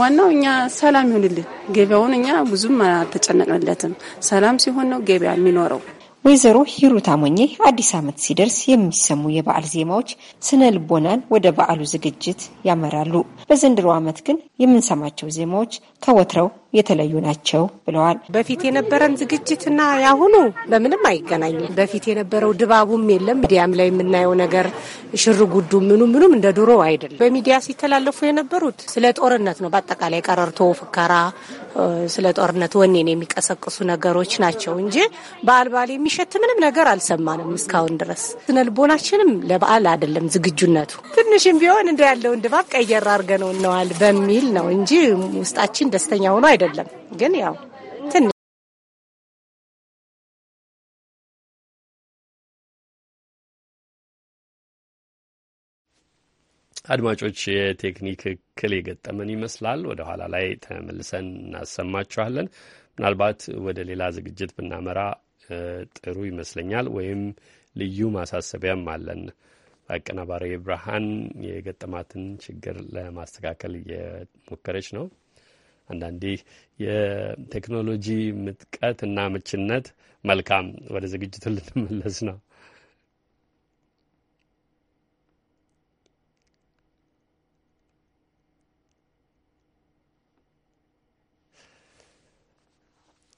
ዋናው እኛ ሰላም ይሆንልን ገበያውን እኛ ብዙም አልተጨነቅንለትም። ሰላም ሲሆን ነው ገበያ የሚኖረው። ወይዘሮ ሂሩት አሞኜ አዲስ ዓመት ሲደርስ የሚሰሙ የበዓል ዜማዎች ስነ ልቦናን ወደ በዓሉ ዝግጅት ያመራሉ። በዘንድሮ ዓመት ግን የምንሰማቸው ዜማዎች ከወትረው የተለዩ ናቸው ብለዋል። በፊት የነበረን ዝግጅትና ያሁኑ በምንም አይገናኙም። በፊት የነበረው ድባቡም የለም። ሚዲያም ላይ የምናየው ነገር ሽር ጉዱ ምኑ ምኑም እንደ ድሮ አይደለም። በሚዲያ ሲተላለፉ የነበሩት ስለ ጦርነት ነው። በአጠቃላይ ቀረርቶ፣ ፉከራ፣ ስለ ጦርነት ወኔን የሚቀሰቅሱ ነገሮች ናቸው እንጂ በዓል በዓል የሚሸት ምንም ነገር አልሰማንም እስካሁን ድረስ። ስነ ልቦናችንም ለበዓል አይደለም ዝግጁነቱ። ትንሽም ቢሆን እንደ ያለውን ድባብ ቀየር አድርገነው ነዋል በሚል ነው እንጂ ውስጣችን ደስተኛ ሆኖ አይደለም ግን ያው ትንሽ አድማጮች የቴክኒክ እክል የገጠመን ይመስላል። ወደ ኋላ ላይ ተመልሰን እናሰማችኋለን። ምናልባት ወደ ሌላ ዝግጅት ብናመራ ጥሩ ይመስለኛል። ወይም ልዩ ማሳሰቢያም አለን። አቀናባሪ ብርሃን የገጠማትን ችግር ለማስተካከል እየሞከረች ነው። አንዳንዴ የቴክኖሎጂ ምጥቀት እና ምችነት መልካም። ወደ ዝግጅቱ ልንመለስ ነው።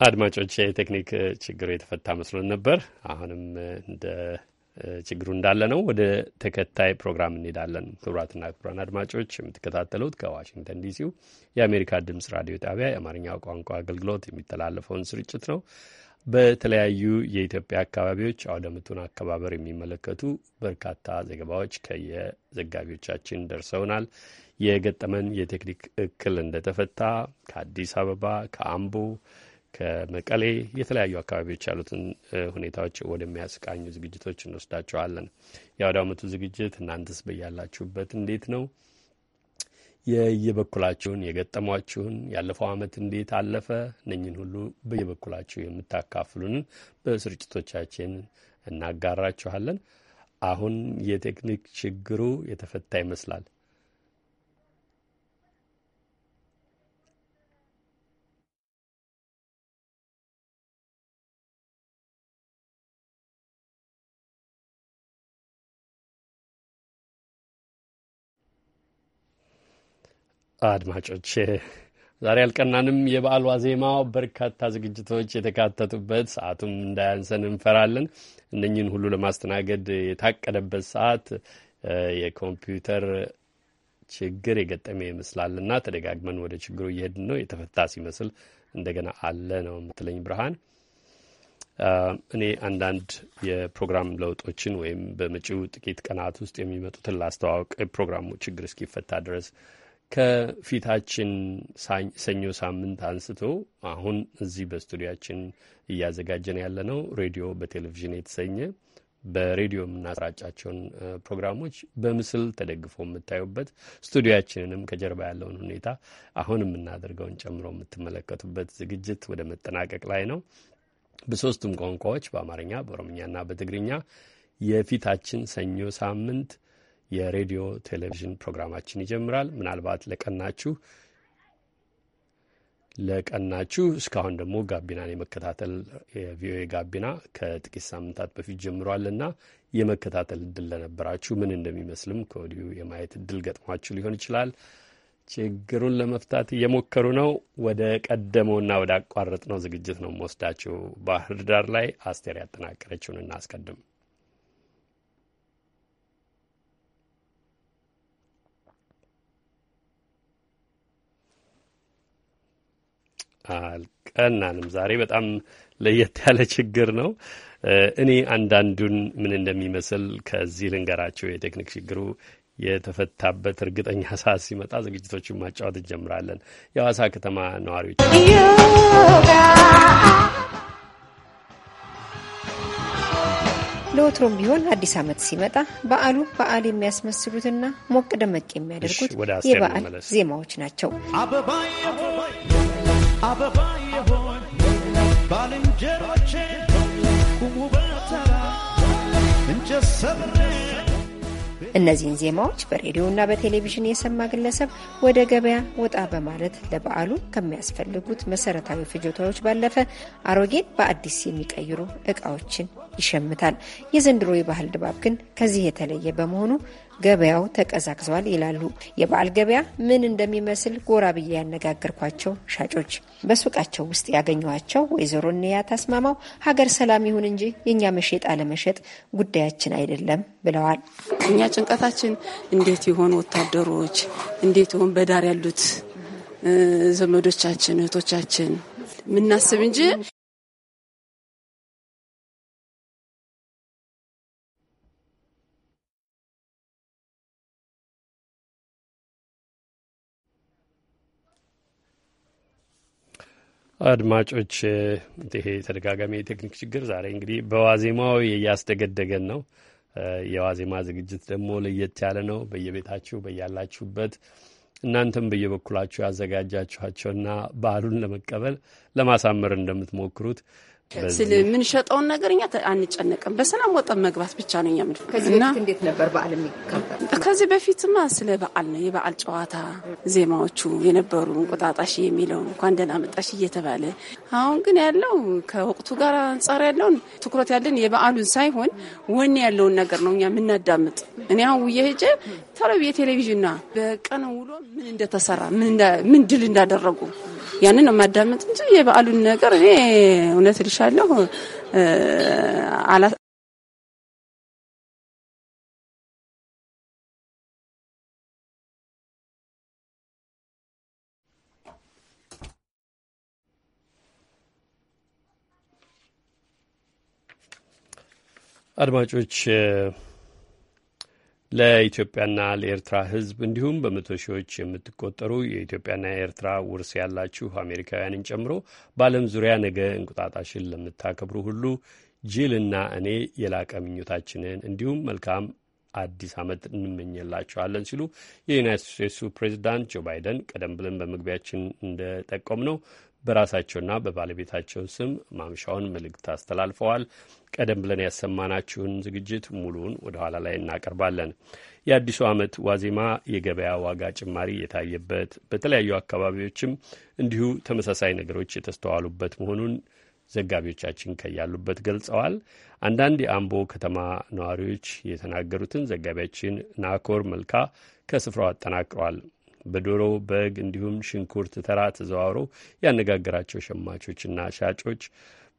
አድማጮች የቴክኒክ ችግሩ የተፈታ መስሎን ነበር። አሁንም እንደ ችግሩ እንዳለ ነው። ወደ ተከታይ ፕሮግራም እንሄዳለን። ክቡራትና ክቡራን አድማጮች የምትከታተሉት ከዋሽንግተን ዲሲው የአሜሪካ ድምፅ ራዲዮ ጣቢያ የአማርኛ ቋንቋ አገልግሎት የሚተላለፈውን ስርጭት ነው። በተለያዩ የኢትዮጵያ አካባቢዎች አውደምቱን አከባበር የሚመለከቱ በርካታ ዘገባዎች ከየዘጋቢዎቻችን ደርሰውናል። የገጠመን የቴክኒክ እክል እንደተፈታ ከአዲስ አበባ ከአምቦ ከመቀሌ የተለያዩ አካባቢዎች ያሉትን ሁኔታዎች ወደሚያስቃኙ ዝግጅቶች እንወስዳቸዋለን። የአውደ ዓመቱ ዝግጅት እናንተስ በያላችሁበት እንዴት ነው? የየበኩላችሁን የገጠሟችሁን ያለፈው ዓመት እንዴት አለፈ? እነኝን ሁሉ በየበኩላችሁ የምታካፍሉንን በስርጭቶቻችን እናጋራችኋለን። አሁን የቴክኒክ ችግሩ የተፈታ ይመስላል። አድማጮች ዛሬ አልቀናንም። የበዓል ዋዜማው በርካታ ዝግጅቶች የተካተቱበት ሰዓቱም እንዳያንሰን እንፈራለን። እነኝን ሁሉ ለማስተናገድ የታቀደበት ሰዓት የኮምፒውተር ችግር የገጠመ ይመስላልና ተደጋግመን ወደ ችግሩ እየሄድን ነው። የተፈታ ሲመስል እንደገና አለ ነው የምትለኝ ብርሃን። እኔ አንዳንድ የፕሮግራም ለውጦችን ወይም በመጪው ጥቂት ቀናት ውስጥ የሚመጡትን ላስተዋወቅ የፕሮግራሙ ችግር እስኪፈታ ድረስ ከፊታችን ሰኞ ሳምንት አንስቶ አሁን እዚህ በስቱዲያችን እያዘጋጀን ያለ ነው ሬዲዮ በቴሌቪዥን የተሰኘ በሬዲዮ የምናሰራጫቸውን ፕሮግራሞች በምስል ተደግፎ የምታዩበት ስቱዲያችንንም ከጀርባ ያለውን ሁኔታ አሁን የምናደርገውን ጨምሮ የምትመለከቱበት ዝግጅት ወደ መጠናቀቅ ላይ ነው። በሶስቱም ቋንቋዎች በአማርኛ፣ በኦሮምኛና በትግርኛ የፊታችን ሰኞ ሳምንት የሬዲዮ ቴሌቪዥን ፕሮግራማችን ይጀምራል። ምናልባት ለቀናችሁ ለቀናችሁ እስካሁን ደግሞ ጋቢናን የመከታተል የቪኦኤ ጋቢና ከጥቂት ሳምንታት በፊት ጀምሯልና የመከታተል እድል ለነበራችሁ ምን እንደሚመስልም ከወዲሁ የማየት እድል ገጥሟችሁ ሊሆን ይችላል። ችግሩን ለመፍታት እየሞከሩ ነው። ወደ ቀደመውና ወደ አቋረጥ ነው ዝግጅት ነው የምወስዳችሁ። ባህር ዳር ላይ አስቴር ያጠናቀረችውን እናስቀድም። አልቀናንም። ዛሬ በጣም ለየት ያለ ችግር ነው። እኔ አንዳንዱን ምን እንደሚመስል ከዚህ ልንገራቸው። የቴክኒክ ችግሩ የተፈታበት እርግጠኛ ሰዓት ሲመጣ ዝግጅቶችን ማጫወት እንጀምራለን። የሐዋሳ ከተማ ነዋሪዎች ለወትሮም ቢሆን አዲስ ዓመት ሲመጣ በዓሉ በዓል የሚያስመስሉትና ሞቅ ደመቅ የሚያደርጉት የበዓል ዜማዎች ናቸው። አበባ ባልንጀሮቼ ቁሙ በተራ እንጨት ሰብሬ እነዚህን ዜማዎች በሬዲዮና በቴሌቪዥን የሰማ ግለሰብ ወደ ገበያ ወጣ በማለት ለበዓሉ ከሚያስፈልጉት መሰረታዊ ፍጆታዎች ባለፈ አሮጌን በአዲስ የሚቀይሩ እቃዎችን ይሸምታል። የዘንድሮ የባህል ድባብ ግን ከዚህ የተለየ በመሆኑ ገበያው ተቀዛቅዘዋል ይላሉ። የበዓል ገበያ ምን እንደሚመስል ጎራ ብዬ ያነጋገርኳቸው ሻጮች በሱቃቸው ውስጥ ያገኘኋቸው ወይዘሮ እንያ ታስማማው ሀገር ሰላም ይሁን እንጂ የእኛ መሸጥ አለመሸጥ ጉዳያችን አይደለም ብለዋል። እኛ ጭንቀታችን እንዴት ይሆን ወታደሮች፣ እንዴት ይሆን በዳር ያሉት ዘመዶቻችን፣ እህቶቻችን ምናስብ እንጂ አድማጮች ይሄ ተደጋጋሚ የቴክኒክ ችግር ዛሬ እንግዲህ በዋዜማው እያስደገደገን ነው። የዋዜማ ዝግጅት ደግሞ ለየት ያለ ነው። በየቤታችሁ በያላችሁበት እናንተም በየበኩላችሁ ያዘጋጃችኋቸውና በዓሉን ለመቀበል ለማሳመር እንደምትሞክሩት ስል የምንሸጠውን ነገር እኛ አንጨነቅም። በሰላም ወጠን መግባት ብቻ ነው እኛ ከዚህ እና እንዴት ነበር በዓል የሚከበር? ከዚህ በፊትማ ስለ በዓል ነው የበዓል ጨዋታ ዜማዎቹ የነበሩ እንቁጣጣሽ የሚለው እንኳን ደህና መጣሽ እየተባለ አሁን ግን ያለው ከወቅቱ ጋር አንጻር ያለውን ትኩረት ያለን የበዓሉን ሳይሆን ወኔ ያለውን ነገር ነው እኛ የምናዳምጥ። እኔ አሁን ውዬ ሄጄ የቴሌቪዥንና በቀን ውሎ ምን እንደተሰራ ምን ድል እንዳደረጉ ያንን ነው የማዳመጥ እንጂ የበዓሉን ነገር እኔ እውነት ልሻለሁ አድማጮች ለኢትዮጵያና ለኤርትራ ሕዝብ እንዲሁም በመቶ ሺዎች የምትቆጠሩ የኢትዮጵያና የኤርትራ ውርስ ያላችሁ አሜሪካውያንን ጨምሮ በዓለም ዙሪያ ነገ እንቁጣጣሽን ለምታከብሩ ሁሉ ጅልና እኔ የላቀ ምኞታችንን እንዲሁም መልካም አዲስ ዓመት እንመኘላቸዋለን ሲሉ የዩናይትድ ስቴትሱ ፕሬዚዳንት ጆ ባይደን ቀደም ብለን በመግቢያችን እንደጠቆም ነው በራሳቸውና በባለቤታቸው ስም ማምሻውን መልእክት አስተላልፈዋል። ቀደም ብለን ያሰማናችሁን ዝግጅት ሙሉውን ወደ ኋላ ላይ እናቀርባለን። የአዲሱ ዓመት ዋዜማ የገበያ ዋጋ ጭማሪ የታየበት በተለያዩ አካባቢዎችም እንዲሁ ተመሳሳይ ነገሮች የተስተዋሉበት መሆኑን ዘጋቢዎቻችን ከያሉበት ገልጸዋል። አንዳንድ የአምቦ ከተማ ነዋሪዎች የተናገሩትን ዘጋቢያችን ናኮር መልካ ከስፍራው አጠናቅሯል። በዶሮ በግ፣ እንዲሁም ሽንኩርት ተራ ተዘዋውረው ያነጋገራቸው ሸማቾችና ሻጮች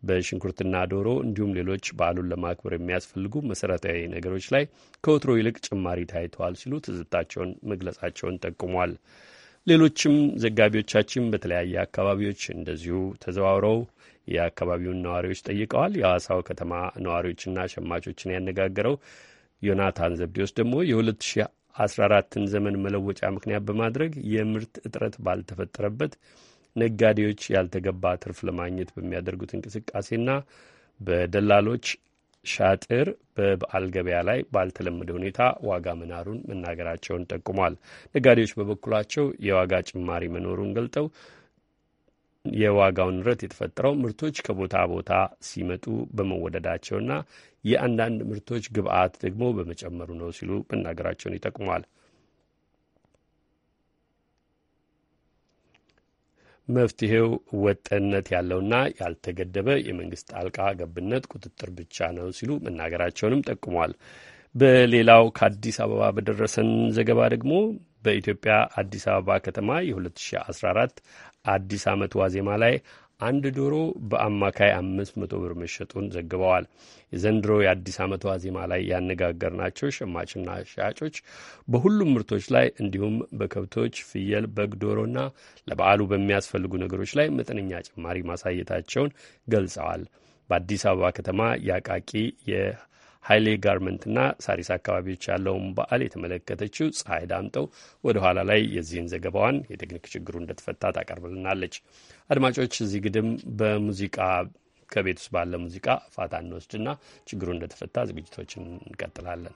በሽንኩርትና ዶሮ እንዲሁም ሌሎች በዓሉን ለማክበር የሚያስፈልጉ መሰረታዊ ነገሮች ላይ ከወትሮ ይልቅ ጭማሪ ታይተዋል ሲሉ ትዝብታቸውን መግለጻቸውን ጠቁሟል። ሌሎችም ዘጋቢዎቻችን በተለያየ አካባቢዎች እንደዚሁ ተዘዋውረው የአካባቢውን ነዋሪዎች ጠይቀዋል። የሐዋሳው ከተማ ነዋሪዎችና ሸማቾችን ያነጋገረው ዮናታን ዘብዴዎስ ደግሞ የ2010 14ን ዘመን መለወጫ ምክንያት በማድረግ የምርት እጥረት ባልተፈጠረበት ነጋዴዎች ያልተገባ ትርፍ ለማግኘት በሚያደርጉት እንቅስቃሴና በደላሎች ሻጥር በበዓል ገበያ ላይ ባልተለመደ ሁኔታ ዋጋ መናሩን መናገራቸውን ጠቁሟል። ነጋዴዎች በበኩላቸው የዋጋ ጭማሪ መኖሩን ገልጠው የዋጋውን ንረት የተፈጠረው ምርቶች ከቦታ ቦታ ሲመጡ በመወደዳቸውና የአንዳንድ ምርቶች ግብአት ደግሞ በመጨመሩ ነው ሲሉ መናገራቸውን ይጠቁሟል። መፍትሄው ወጥነት ያለውና ያልተገደበ የመንግስት ጣልቃ ገብነት ቁጥጥር ብቻ ነው ሲሉ መናገራቸውንም ጠቁሟል። በሌላው ከአዲስ አበባ በደረሰን ዘገባ ደግሞ በኢትዮጵያ አዲስ አበባ ከተማ የ2014 አዲስ ዓመት ዋዜማ ላይ አንድ ዶሮ በአማካይ አምስት መቶ ብር መሸጡን ዘግበዋል። የዘንድሮ የአዲስ ዓመት ዋዜማ ላይ ያነጋገርናቸው ሸማችና ሻጮች በሁሉም ምርቶች ላይ እንዲሁም በከብቶች ፍየል፣ በግ፣ ዶሮና ለበዓሉ በሚያስፈልጉ ነገሮች ላይ መጠነኛ ጭማሪ ማሳየታቸውን ገልጸዋል። በአዲስ አበባ ከተማ የአቃቂ ሀይሌ ጋርመንትና ሳሪስ አካባቢዎች ያለውን በዓል የተመለከተችው ፀሐይ ዳምጠው ወደ ኋላ ላይ የዚህን ዘገባዋን የቴክኒክ ችግሩ እንደተፈታ ታቀርብልናለች። አድማጮች፣ እዚህ ግድም በሙዚቃ ከቤት ውስጥ ባለ ሙዚቃ ፋታ እንወስድና ችግሩ እንደተፈታ ዝግጅቶችን እንቀጥላለን።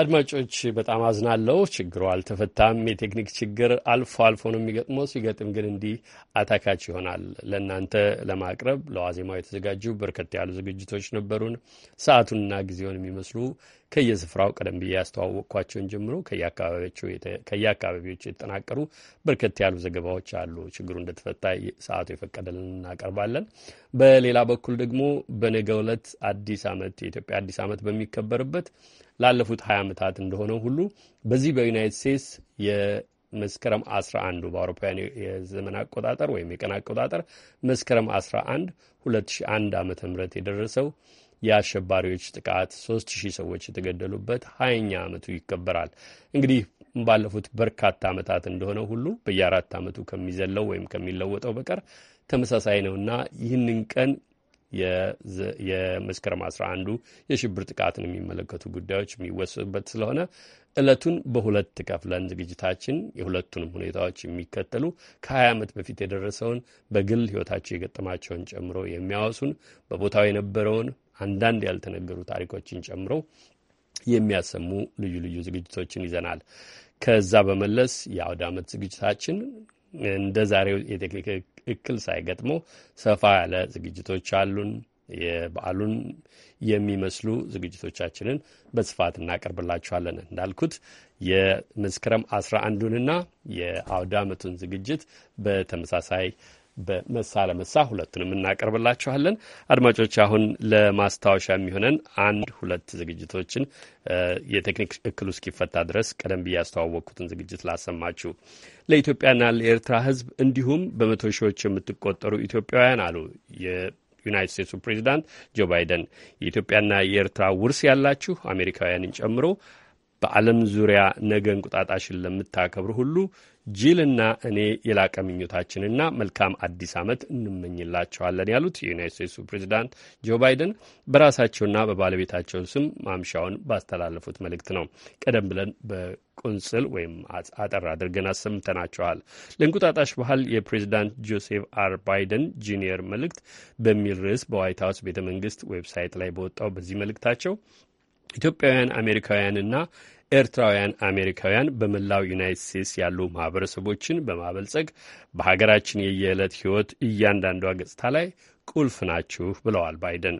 አድማጮች በጣም አዝናለው። ችግሩ አልተፈታም። የቴክኒክ ችግር አልፎ አልፎ ነው የሚገጥመው። ሲገጥም ግን እንዲህ አታካች ይሆናል። ለእናንተ ለማቅረብ ለዋዜማው የተዘጋጁ በርከት ያሉ ዝግጅቶች ነበሩን። ሰዓቱንና ጊዜውን የሚመስሉ ከየስፍራው ቀደም ብዬ ያስተዋወቅኳቸውን ጀምሮ ከየአካባቢዎቹ የተጠናቀሩ በርከት ያሉ ዘገባዎች አሉ። ችግሩ እንደተፈታ ሰዓቱ የፈቀደልን እናቀርባለን። በሌላ በኩል ደግሞ በነገ ዕለት አዲስ ዓመት የኢትዮጵያ አዲስ ዓመት በሚከበርበት ላለፉት 20 ዓመታት እንደሆነው ሁሉ በዚህ በዩናይት ስቴትስ የመስከረም 11 በአውሮፓውያን የዘመን አቆጣጠር ወይም የቀን አቆጣጠር መስከረም 11 2001 ዓ ም የደረሰው የአሸባሪዎች ጥቃት 3000 ሰዎች የተገደሉበት 20ኛ ዓመቱ ይከበራል። እንግዲህ ባለፉት በርካታ ዓመታት እንደሆነ ሁሉ በየአራት ዓመቱ ከሚዘለው ወይም ከሚለወጠው በቀር ተመሳሳይ ነውና ይህንን ቀን የመስከረም 11 አንዱ የሽብር ጥቃትን የሚመለከቱ ጉዳዮች የሚወሰዱበት ስለሆነ ዕለቱን በሁለት ከፍለን ዝግጅታችን የሁለቱንም ሁኔታዎች የሚከተሉ ከ20 ዓመት በፊት የደረሰውን በግል ህይወታቸው የገጠማቸውን ጨምሮ የሚያወሱን በቦታው የነበረውን አንዳንድ ያልተነገሩ ታሪኮችን ጨምሮ የሚያሰሙ ልዩ ልዩ ዝግጅቶችን ይዘናል። ከዛ በመለስ የአውድ ዓመት ዝግጅታችን እንደ ዛሬው የቴክኒክ ትክክል ሳይገጥሙ ሰፋ ያለ ዝግጅቶች አሉን። የበዓሉን የሚመስሉ ዝግጅቶቻችንን በስፋት እናቀርብላችኋለን። እንዳልኩት የመስከረም አስራ አንዱንና የአውደ ዓመቱን ዝግጅት በተመሳሳይ በመሳ ለመሳ ሁለቱንም እናቀርብላችኋለን። አድማጮች አሁን ለማስታወሻ የሚሆነን አንድ ሁለት ዝግጅቶችን የቴክኒክ እክሉ እስኪፈታ ድረስ ቀደም ብዬ ያስተዋወቅኩትን ዝግጅት ላሰማችሁ። ለኢትዮጵያና ለኤርትራ ሕዝብ እንዲሁም በመቶ ሺዎች የምትቆጠሩ ኢትዮጵያውያን አሉ ዩናይት ስቴትሱ ፕሬዚዳንት ጆ ባይደን የኢትዮጵያና የኤርትራ ውርስ ያላችሁ አሜሪካውያንን ጨምሮ በዓለም ዙሪያ ነገ እንቁጣጣሽን ለምታከብሩ ሁሉ ጂልና እኔ የላቀ ምኞታችንና መልካም አዲስ ዓመት እንመኝላቸዋለን ያሉት የዩናይት ስቴትሱ ፕሬዚዳንት ጆ ባይደን በራሳቸውና በባለቤታቸው ስም ማምሻውን ባስተላለፉት መልእክት ነው። ቀደም ብለን በቁንጽል ወይም አጠር አድርገን አሰምተናቸዋል። ለእንቁጣጣሽ ባህል የፕሬዚዳንት ጆሴፍ አር ባይደን ጂኒየር መልእክት በሚል ርዕስ በዋይት ሀውስ ቤተ መንግስት ዌብሳይት ላይ በወጣው በዚህ መልእክታቸው ኢትዮጵያውያን አሜሪካውያንና ኤርትራውያን አሜሪካውያን በመላው ዩናይት ስቴትስ ያሉ ማህበረሰቦችን በማበልጸግ በሀገራችን የየዕለት ሕይወት እያንዳንዷ ገጽታ ላይ ቁልፍ ናችሁ ብለዋል ባይደን።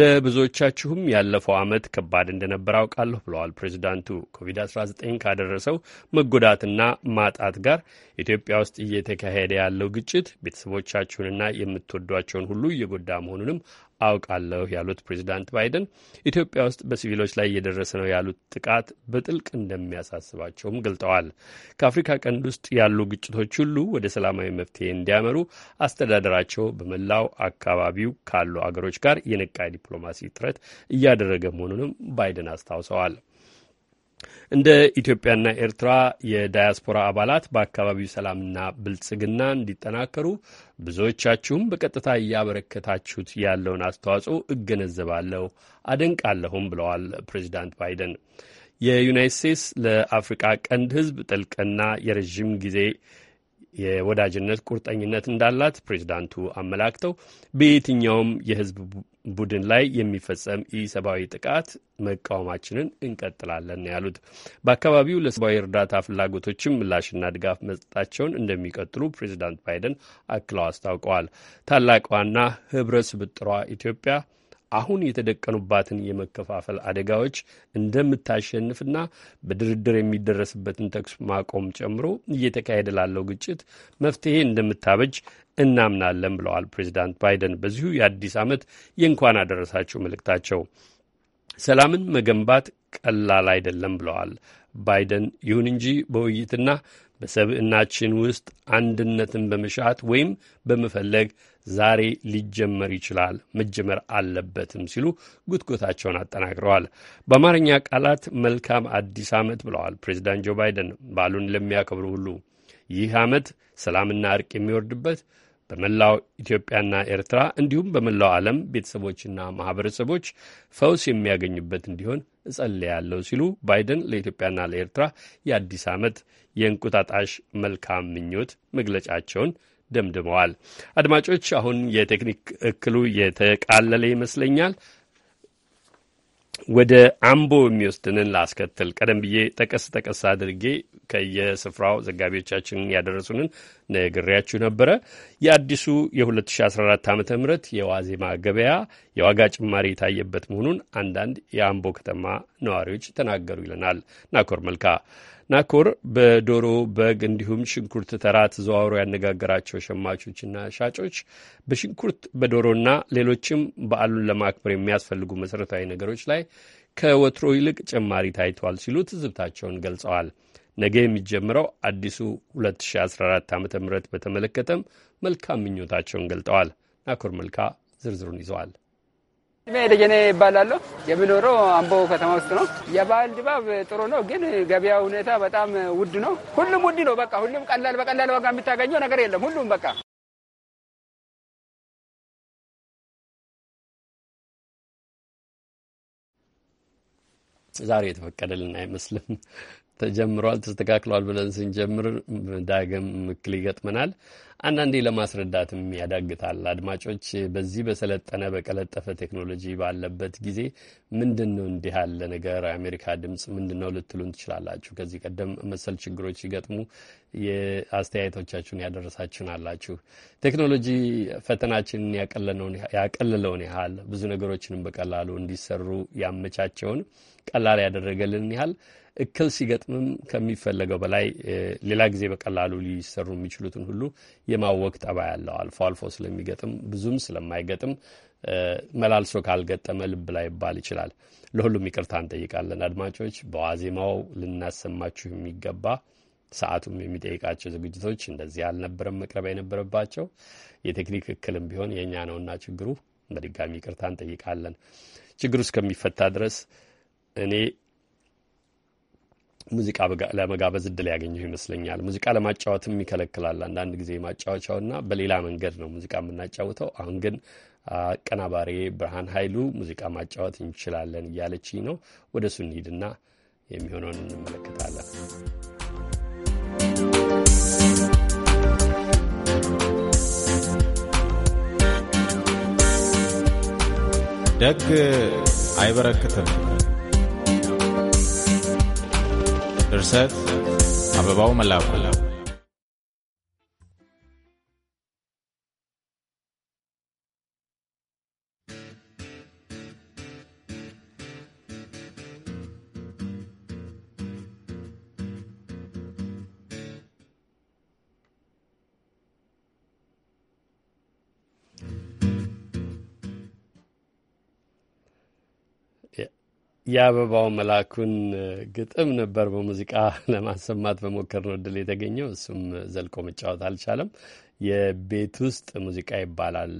ለብዙዎቻችሁም ያለፈው ዓመት ከባድ እንደነበር አውቃለሁ ብለዋል ፕሬዚዳንቱ። ኮቪድ-19 ካደረሰው መጎዳትና ማጣት ጋር ኢትዮጵያ ውስጥ እየተካሄደ ያለው ግጭት ቤተሰቦቻችሁንና የምትወዷቸውን ሁሉ እየጎዳ መሆኑንም አውቃለሁ ያሉት ፕሬዚዳንት ባይደን ኢትዮጵያ ውስጥ በሲቪሎች ላይ እየደረሰ ነው ያሉት ጥቃት በጥልቅ እንደሚያሳስባቸውም ገልጠዋል። ከአፍሪካ ቀንድ ውስጥ ያሉ ግጭቶች ሁሉ ወደ ሰላማዊ መፍትሄ እንዲያመሩ አስተዳደራቸው በመላው አካባቢው ካሉ አገሮች ጋር የነቃ የዲፕሎማሲ ጥረት እያደረገ መሆኑንም ባይደን አስታውሰዋል። እንደ ኢትዮጵያና ኤርትራ የዳያስፖራ አባላት በአካባቢው ሰላምና ብልጽግና እንዲጠናከሩ ብዙዎቻችሁም በቀጥታ እያበረከታችሁት ያለውን አስተዋጽኦ እገነዘባለሁ፣ አደንቃለሁም ብለዋል ፕሬዚዳንት ባይደን። የዩናይት ስቴትስ ለአፍሪቃ ቀንድ ሕዝብ ጥልቅና የረዥም ጊዜ የወዳጅነት ቁርጠኝነት እንዳላት ፕሬዚዳንቱ አመላክተው በየትኛውም የህዝብ ቡድን ላይ የሚፈጸም ኢሰብአዊ ጥቃት መቃወማችንን እንቀጥላለን ነው ያሉት። በአካባቢው ለሰብአዊ እርዳታ ፍላጎቶችም ምላሽና ድጋፍ መስጠታቸውን እንደሚቀጥሉ ፕሬዚዳንት ባይደን አክለው አስታውቀዋል። ታላቋና ህብረ ስብጥሯ ኢትዮጵያ አሁን የተደቀኑባትን የመከፋፈል አደጋዎች እንደምታሸንፍና በድርድር የሚደረስበትን ተኩስ ማቆም ጨምሮ እየተካሄደ ላለው ግጭት መፍትሄ እንደምታበጅ እናምናለን ብለዋል ፕሬዚዳንት ባይደን በዚሁ የአዲስ ዓመት የእንኳን አደረሳችሁ መልእክታቸው። ሰላምን መገንባት ቀላል አይደለም ብለዋል ባይደን። ይሁን እንጂ በውይይትና በሰብዕናችን ውስጥ አንድነትን በመሻት ወይም በመፈለግ ዛሬ ሊጀመር ይችላል መጀመር አለበትም ሲሉ ጉትጎታቸውን አጠናክረዋል። በአማርኛ ቃላት መልካም አዲስ ዓመት ብለዋል ፕሬዚዳንት ጆ ባይደን በዓሉን ለሚያከብሩ ሁሉ። ይህ ዓመት ሰላምና እርቅ የሚወርድበት በመላው ኢትዮጵያና ኤርትራ እንዲሁም በመላው ዓለም ቤተሰቦችና ማኅበረሰቦች ፈውስ የሚያገኙበት እንዲሆን እጸልያለሁ ሲሉ ባይደን ለኢትዮጵያና ለኤርትራ የአዲስ ዓመት የእንቁጣጣሽ መልካም ምኞት መግለጫቸውን ደምድመዋል። አድማጮች፣ አሁን የቴክኒክ እክሉ የተቃለለ ይመስለኛል። ወደ አምቦ የሚወስድንን ላስከትል። ቀደም ብዬ ጠቀስ ጠቀስ አድርጌ ከየስፍራው ዘጋቢዎቻችን ያደረሱንን ነግሬያችሁ ነበረ። የአዲሱ የ2014 ዓ ም የዋዜማ ገበያ የዋጋ ጭማሪ የታየበት መሆኑን አንዳንድ የአምቦ ከተማ ነዋሪዎች ተናገሩ ይለናል ናኮር መልካ ናኮር በዶሮ በግ፣ እንዲሁም ሽንኩርት ተራ ተዘዋውሮ ያነጋገራቸው ሸማቾችና ሻጮች በሽንኩርት በዶሮና ሌሎችም በዓሉን ለማክበር የሚያስፈልጉ መሠረታዊ ነገሮች ላይ ከወትሮ ይልቅ ጭማሪ ታይቷል ሲሉ ትዝብታቸውን ገልጸዋል። ነገ የሚጀምረው አዲሱ 2014 ዓ ም በተመለከተም መልካም ምኞታቸውን ገልጠዋል። ናኮር መልካ ዝርዝሩን ይዘዋል። ሜ ደጀኔ ይባላለሁ። የምኖረው አምቦ ከተማ ውስጥ ነው። የባህል ድባብ ጥሩ ነው፣ ግን ገበያ ሁኔታ በጣም ውድ ነው። ሁሉም ውድ ነው። በቃ ሁሉም ቀላል በቀላል ዋጋ የሚታገኘው ነገር የለም። ሁሉም በቃ ዛሬ የተፈቀደልን አይመስልም። ተጀምሯል ተስተካክሏል ብለን ስንጀምር ዳግም ምክል ይገጥመናል። አንዳንዴ ለማስረዳትም ያዳግታል። አድማጮች በዚህ በሰለጠነ በቀለጠፈ ቴክኖሎጂ ባለበት ጊዜ ምንድን ነው እንዲህ ያለ ነገር የአሜሪካ ድምፅ ምንድን ነው ልትሉን ትችላላችሁ። ከዚህ ቀደም መሰል ችግሮች ሲገጥሙ የአስተያየቶቻችሁን ያደረሳችሁን አላችሁ። ቴክኖሎጂ ፈተናችንን ያቀለለውን ያህል ብዙ ነገሮችንም በቀላሉ እንዲሰሩ ያመቻቸውን ቀላል ያደረገልን ያህል እክል ሲገጥምም ከሚፈለገው በላይ ሌላ ጊዜ በቀላሉ ሊሰሩ የሚችሉትን ሁሉ የማወቅ ጠባ ያለው አልፎ አልፎ ስለሚገጥም ብዙም ስለማይገጥም መላልሶ ካልገጠመ ልብ ላይ ይባል ይችላል። ለሁሉም ይቅርታ እንጠይቃለን። አድማጮች በዋዜማው ልናሰማችሁ የሚገባ ሰዓቱም የሚጠይቃቸው ዝግጅቶች እንደዚህ አልነበረም መቅረብ የነበረባቸው። የቴክኒክ እክልም ቢሆን የእኛ ነውና ችግሩ በድጋሚ ይቅርታ እንጠይቃለን። ችግሩ እስከሚፈታ ድረስ እኔ ሙዚቃ ለመጋበዝ እድል ያገኘው ይመስለኛል። ሙዚቃ ለማጫወትም ይከለክላል አንዳንድ ጊዜ ማጫወቻውና፣ በሌላ መንገድ ነው ሙዚቃ የምናጫውተው። አሁን ግን አቀናባሪ ብርሃን ኃይሉ ሙዚቃ ማጫወት እንችላለን እያለች ነው። ወደ እሱ እንሂድና የሚሆነውን እንመለከታለን። ደግ አይበረክትም ድርሰት አበባው መላኩ የአበባው መላኩን ግጥም ነበር በሙዚቃ ለማሰማት በሞከር ነው እድል የተገኘው። እሱም ዘልቆ መጫወት አልቻለም። የቤት ውስጥ ሙዚቃ ይባላል።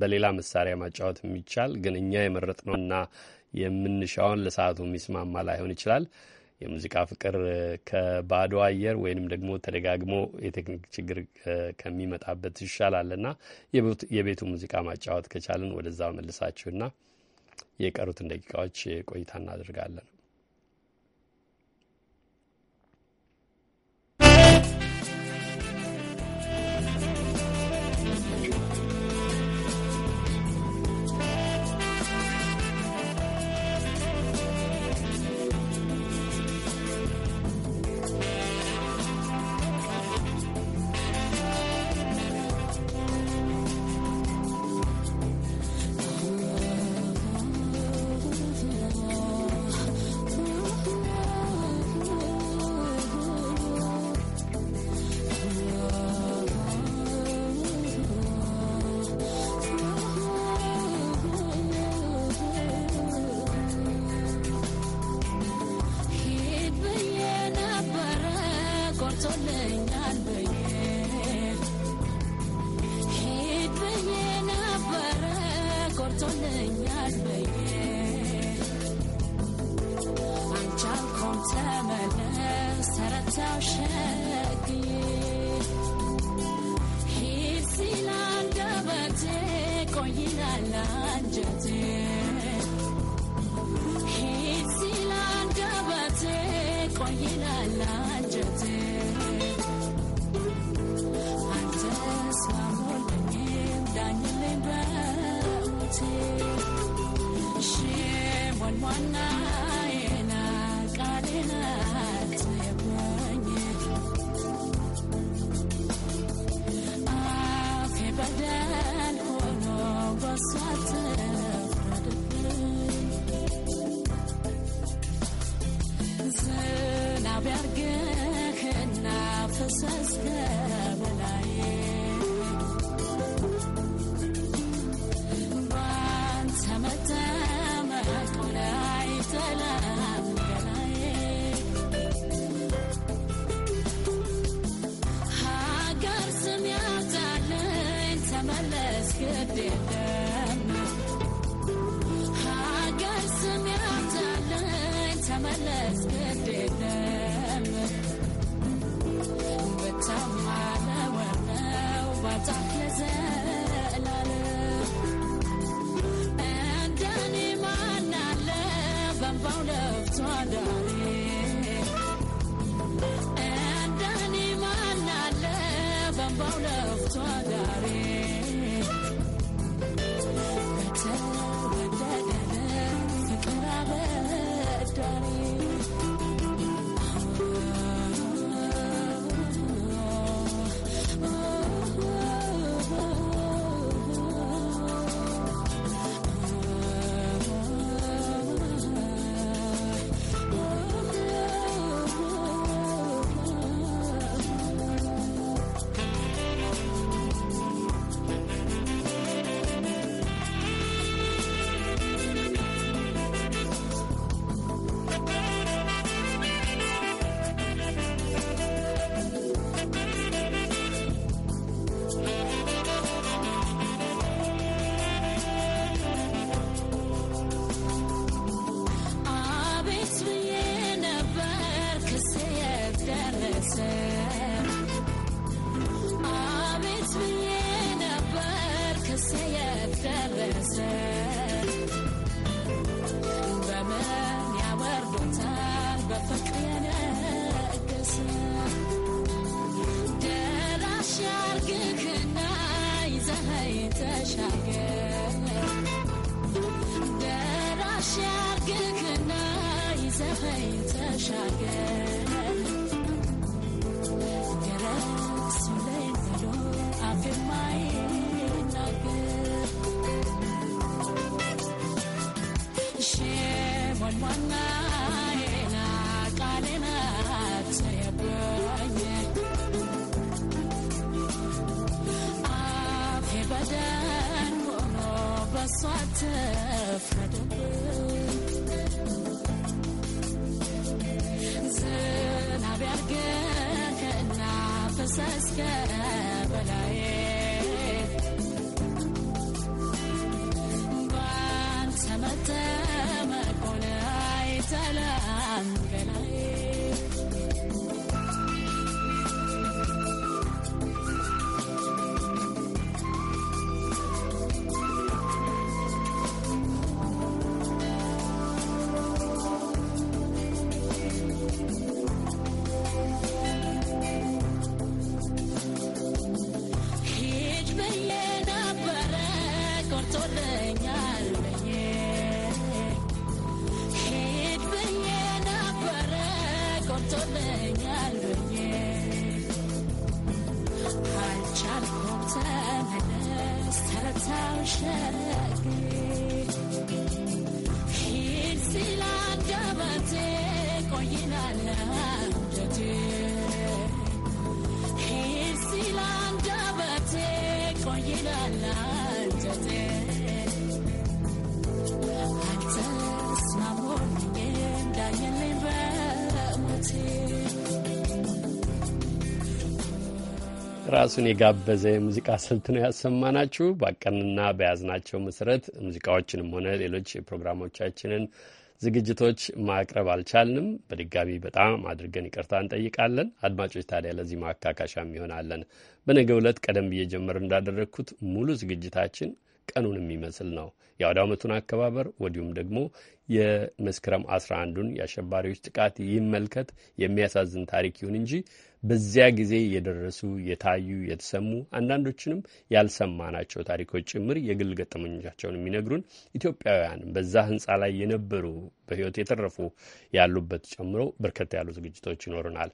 በሌላ መሳሪያ ማጫወት የሚቻል ግን እኛ የመረጥ ነው የመረጥነውና የምንሻውን ለሰዓቱ የሚስማማ ላይሆን ይችላል። የሙዚቃ ፍቅር ከባዶ አየር ወይንም ደግሞ ተደጋግሞ የቴክኒክ ችግር ከሚመጣበት ይሻላል ይሻላልና የቤቱ ሙዚቃ ማጫወት ከቻልን ወደዛ መልሳችሁና የቀሩትን ደቂቃዎች ቆይታ እናደርጋለን። did that. Swat ራሱን የጋበዘ የሙዚቃ ስልት ነው ያሰማናችሁ። ባቀንና በያዝናቸው መሰረት ሙዚቃዎችንም ሆነ ሌሎች የፕሮግራሞቻችንን ዝግጅቶች ማቅረብ አልቻልንም። በድጋሚ በጣም አድርገን ይቅርታ እንጠይቃለን። አድማጮች ታዲያ ለዚህ ማካካሻም ይሆናለን። በነገ ዕለት ቀደም ብዬ ጀምር እንዳደረግኩት ሙሉ ዝግጅታችን ቀኑን የሚመስል ነው። የአውደ ዓመቱን አከባበር ወዲሁም ደግሞ የመስከረም 11ዱን የአሸባሪዎች ጥቃት ይመልከት የሚያሳዝን ታሪክ ይሁን እንጂ በዚያ ጊዜ የደረሱ የታዩ የተሰሙ አንዳንዶችንም ያልሰማናቸው ታሪኮች ጭምር የግል ገጠመኞቻቸውን የሚነግሩን ኢትዮጵያውያን በዛ ህንፃ ላይ የነበሩ በህይወት የተረፉ ያሉበት ጨምሮ በርከት ያሉ ዝግጅቶች ይኖሩናል።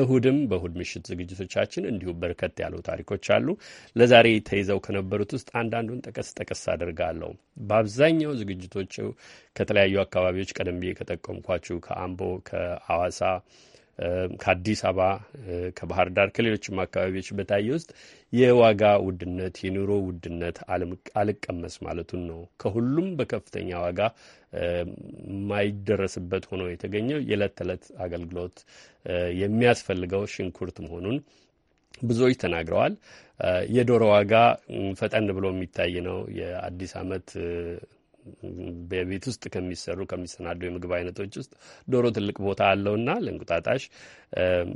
እሁድም በእሁድ ምሽት ዝግጅቶቻችን እንዲሁም በርከት ያሉ ታሪኮች አሉ። ለዛሬ ተይዘው ከነበሩት ውስጥ አንዳንዱን ጠቀስ ጠቀስ አድርጋለሁ። በአብዛኛው ዝግጅቶች ከተለያዩ አካባቢዎች ቀደም ብዬ ከጠቀምኳችሁ ከአምቦ፣ ከአዋሳ ከአዲስ አበባ ከባህር ዳር ከሌሎችም አካባቢዎች በታየ ውስጥ የዋጋ ውድነት የኑሮ ውድነት አልቀመስ ማለቱን ነው። ከሁሉም በከፍተኛ ዋጋ የማይደረስበት ሆኖ የተገኘው የዕለት ተዕለት አገልግሎት የሚያስፈልገው ሽንኩርት መሆኑን ብዙዎች ተናግረዋል። የዶሮ ዋጋ ፈጠን ብሎ የሚታይ ነው። የአዲስ ዓመት በቤት ውስጥ ከሚሰሩ ከሚሰናዱ የምግብ አይነቶች ውስጥ ዶሮ ትልቅ ቦታ አለውና ለእንቁጣጣሽ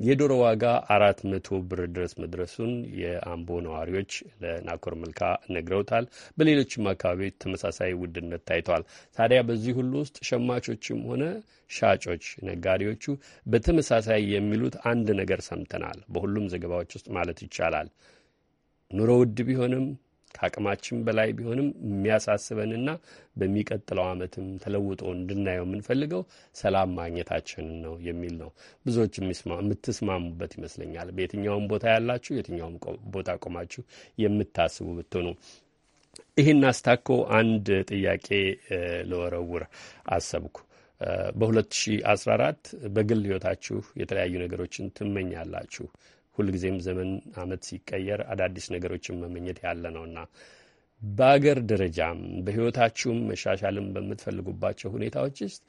የዶሮ ዋጋ አራት መቶ ብር ድረስ መድረሱን የአምቦ ነዋሪዎች ለናኮር መልካ ነግረውታል። በሌሎችም አካባቢ ተመሳሳይ ውድነት ታይተዋል። ታዲያ በዚህ ሁሉ ውስጥ ሸማቾችም ሆነ ሻጮች፣ ነጋዴዎቹ በተመሳሳይ የሚሉት አንድ ነገር ሰምተናል። በሁሉም ዘገባዎች ውስጥ ማለት ይቻላል ኑሮ ውድ ቢሆንም ከአቅማችን በላይ ቢሆንም የሚያሳስበንና በሚቀጥለው ዓመትም ተለውጦ እንድናየው የምንፈልገው ሰላም ማግኘታችን ነው የሚል ነው። ብዙዎች የምትስማሙበት ይመስለኛል። በየትኛውም ቦታ ያላችሁ፣ የትኛውም ቦታ ቆማችሁ የምታስቡ ብትሆኑ ይህን አስታኮ አንድ ጥያቄ ለወረውር አሰብኩ። በ2014 በግል ህይወታችሁ የተለያዩ ነገሮችን ትመኛላችሁ። ሁልጊዜም ዘመን አመት ሲቀየር አዳዲስ ነገሮችን መመኘት ያለ ነውና በአገር ደረጃም በህይወታችሁም መሻሻልም በምትፈልጉባቸው ሁኔታዎች ውስጥ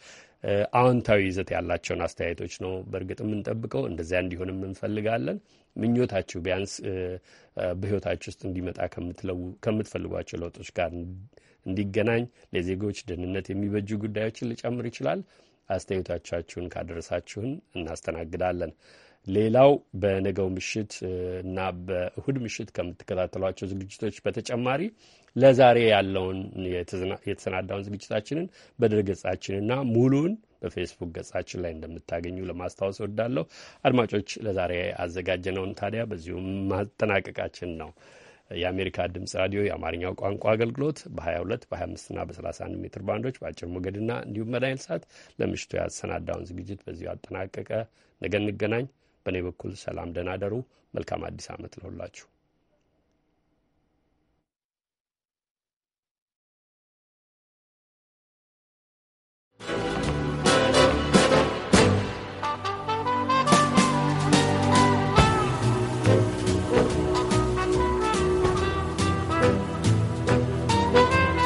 አዎንታዊ ይዘት ያላቸውን አስተያየቶች ነው በእርግጥ የምንጠብቀው። እንደዚያ እንዲሆንም እንፈልጋለን። ምኞታችሁ ቢያንስ በህይወታችሁ ውስጥ እንዲመጣ ከምትፈልጓቸው ለውጦች ጋር እንዲገናኝ ለዜጎች ደህንነት የሚበጁ ጉዳዮችን ሊጨምር ይችላል። አስተያየቶቻችሁን ካደረሳችሁን እናስተናግዳለን። ሌላው በነገው ምሽት እና በእሁድ ምሽት ከምትከታተሏቸው ዝግጅቶች በተጨማሪ ለዛሬ ያለውን የተሰናዳውን ዝግጅታችንን በድረገጻችንና ሙሉን በፌስቡክ ገጻችን ላይ እንደምታገኙ ለማስታወስ እወዳለሁ። አድማጮች፣ ለዛሬ አዘጋጀነውን ታዲያ በዚሁ ማጠናቀቃችን ነው። የአሜሪካ ድምፅ ራዲዮ የአማርኛው ቋንቋ አገልግሎት በ22 25 እና በ31 ሜትር ባንዶች በአጭር ሞገድና እንዲሁም በናይል ሰዓት ለምሽቱ ያሰናዳውን ዝግጅት በዚሁ አጠናቀቀ። ነገ እንገናኝ። በእኔ በኩል ሰላም፣ ደህና ደሩ። መልካም አዲስ ዓመት ለሁላችሁ።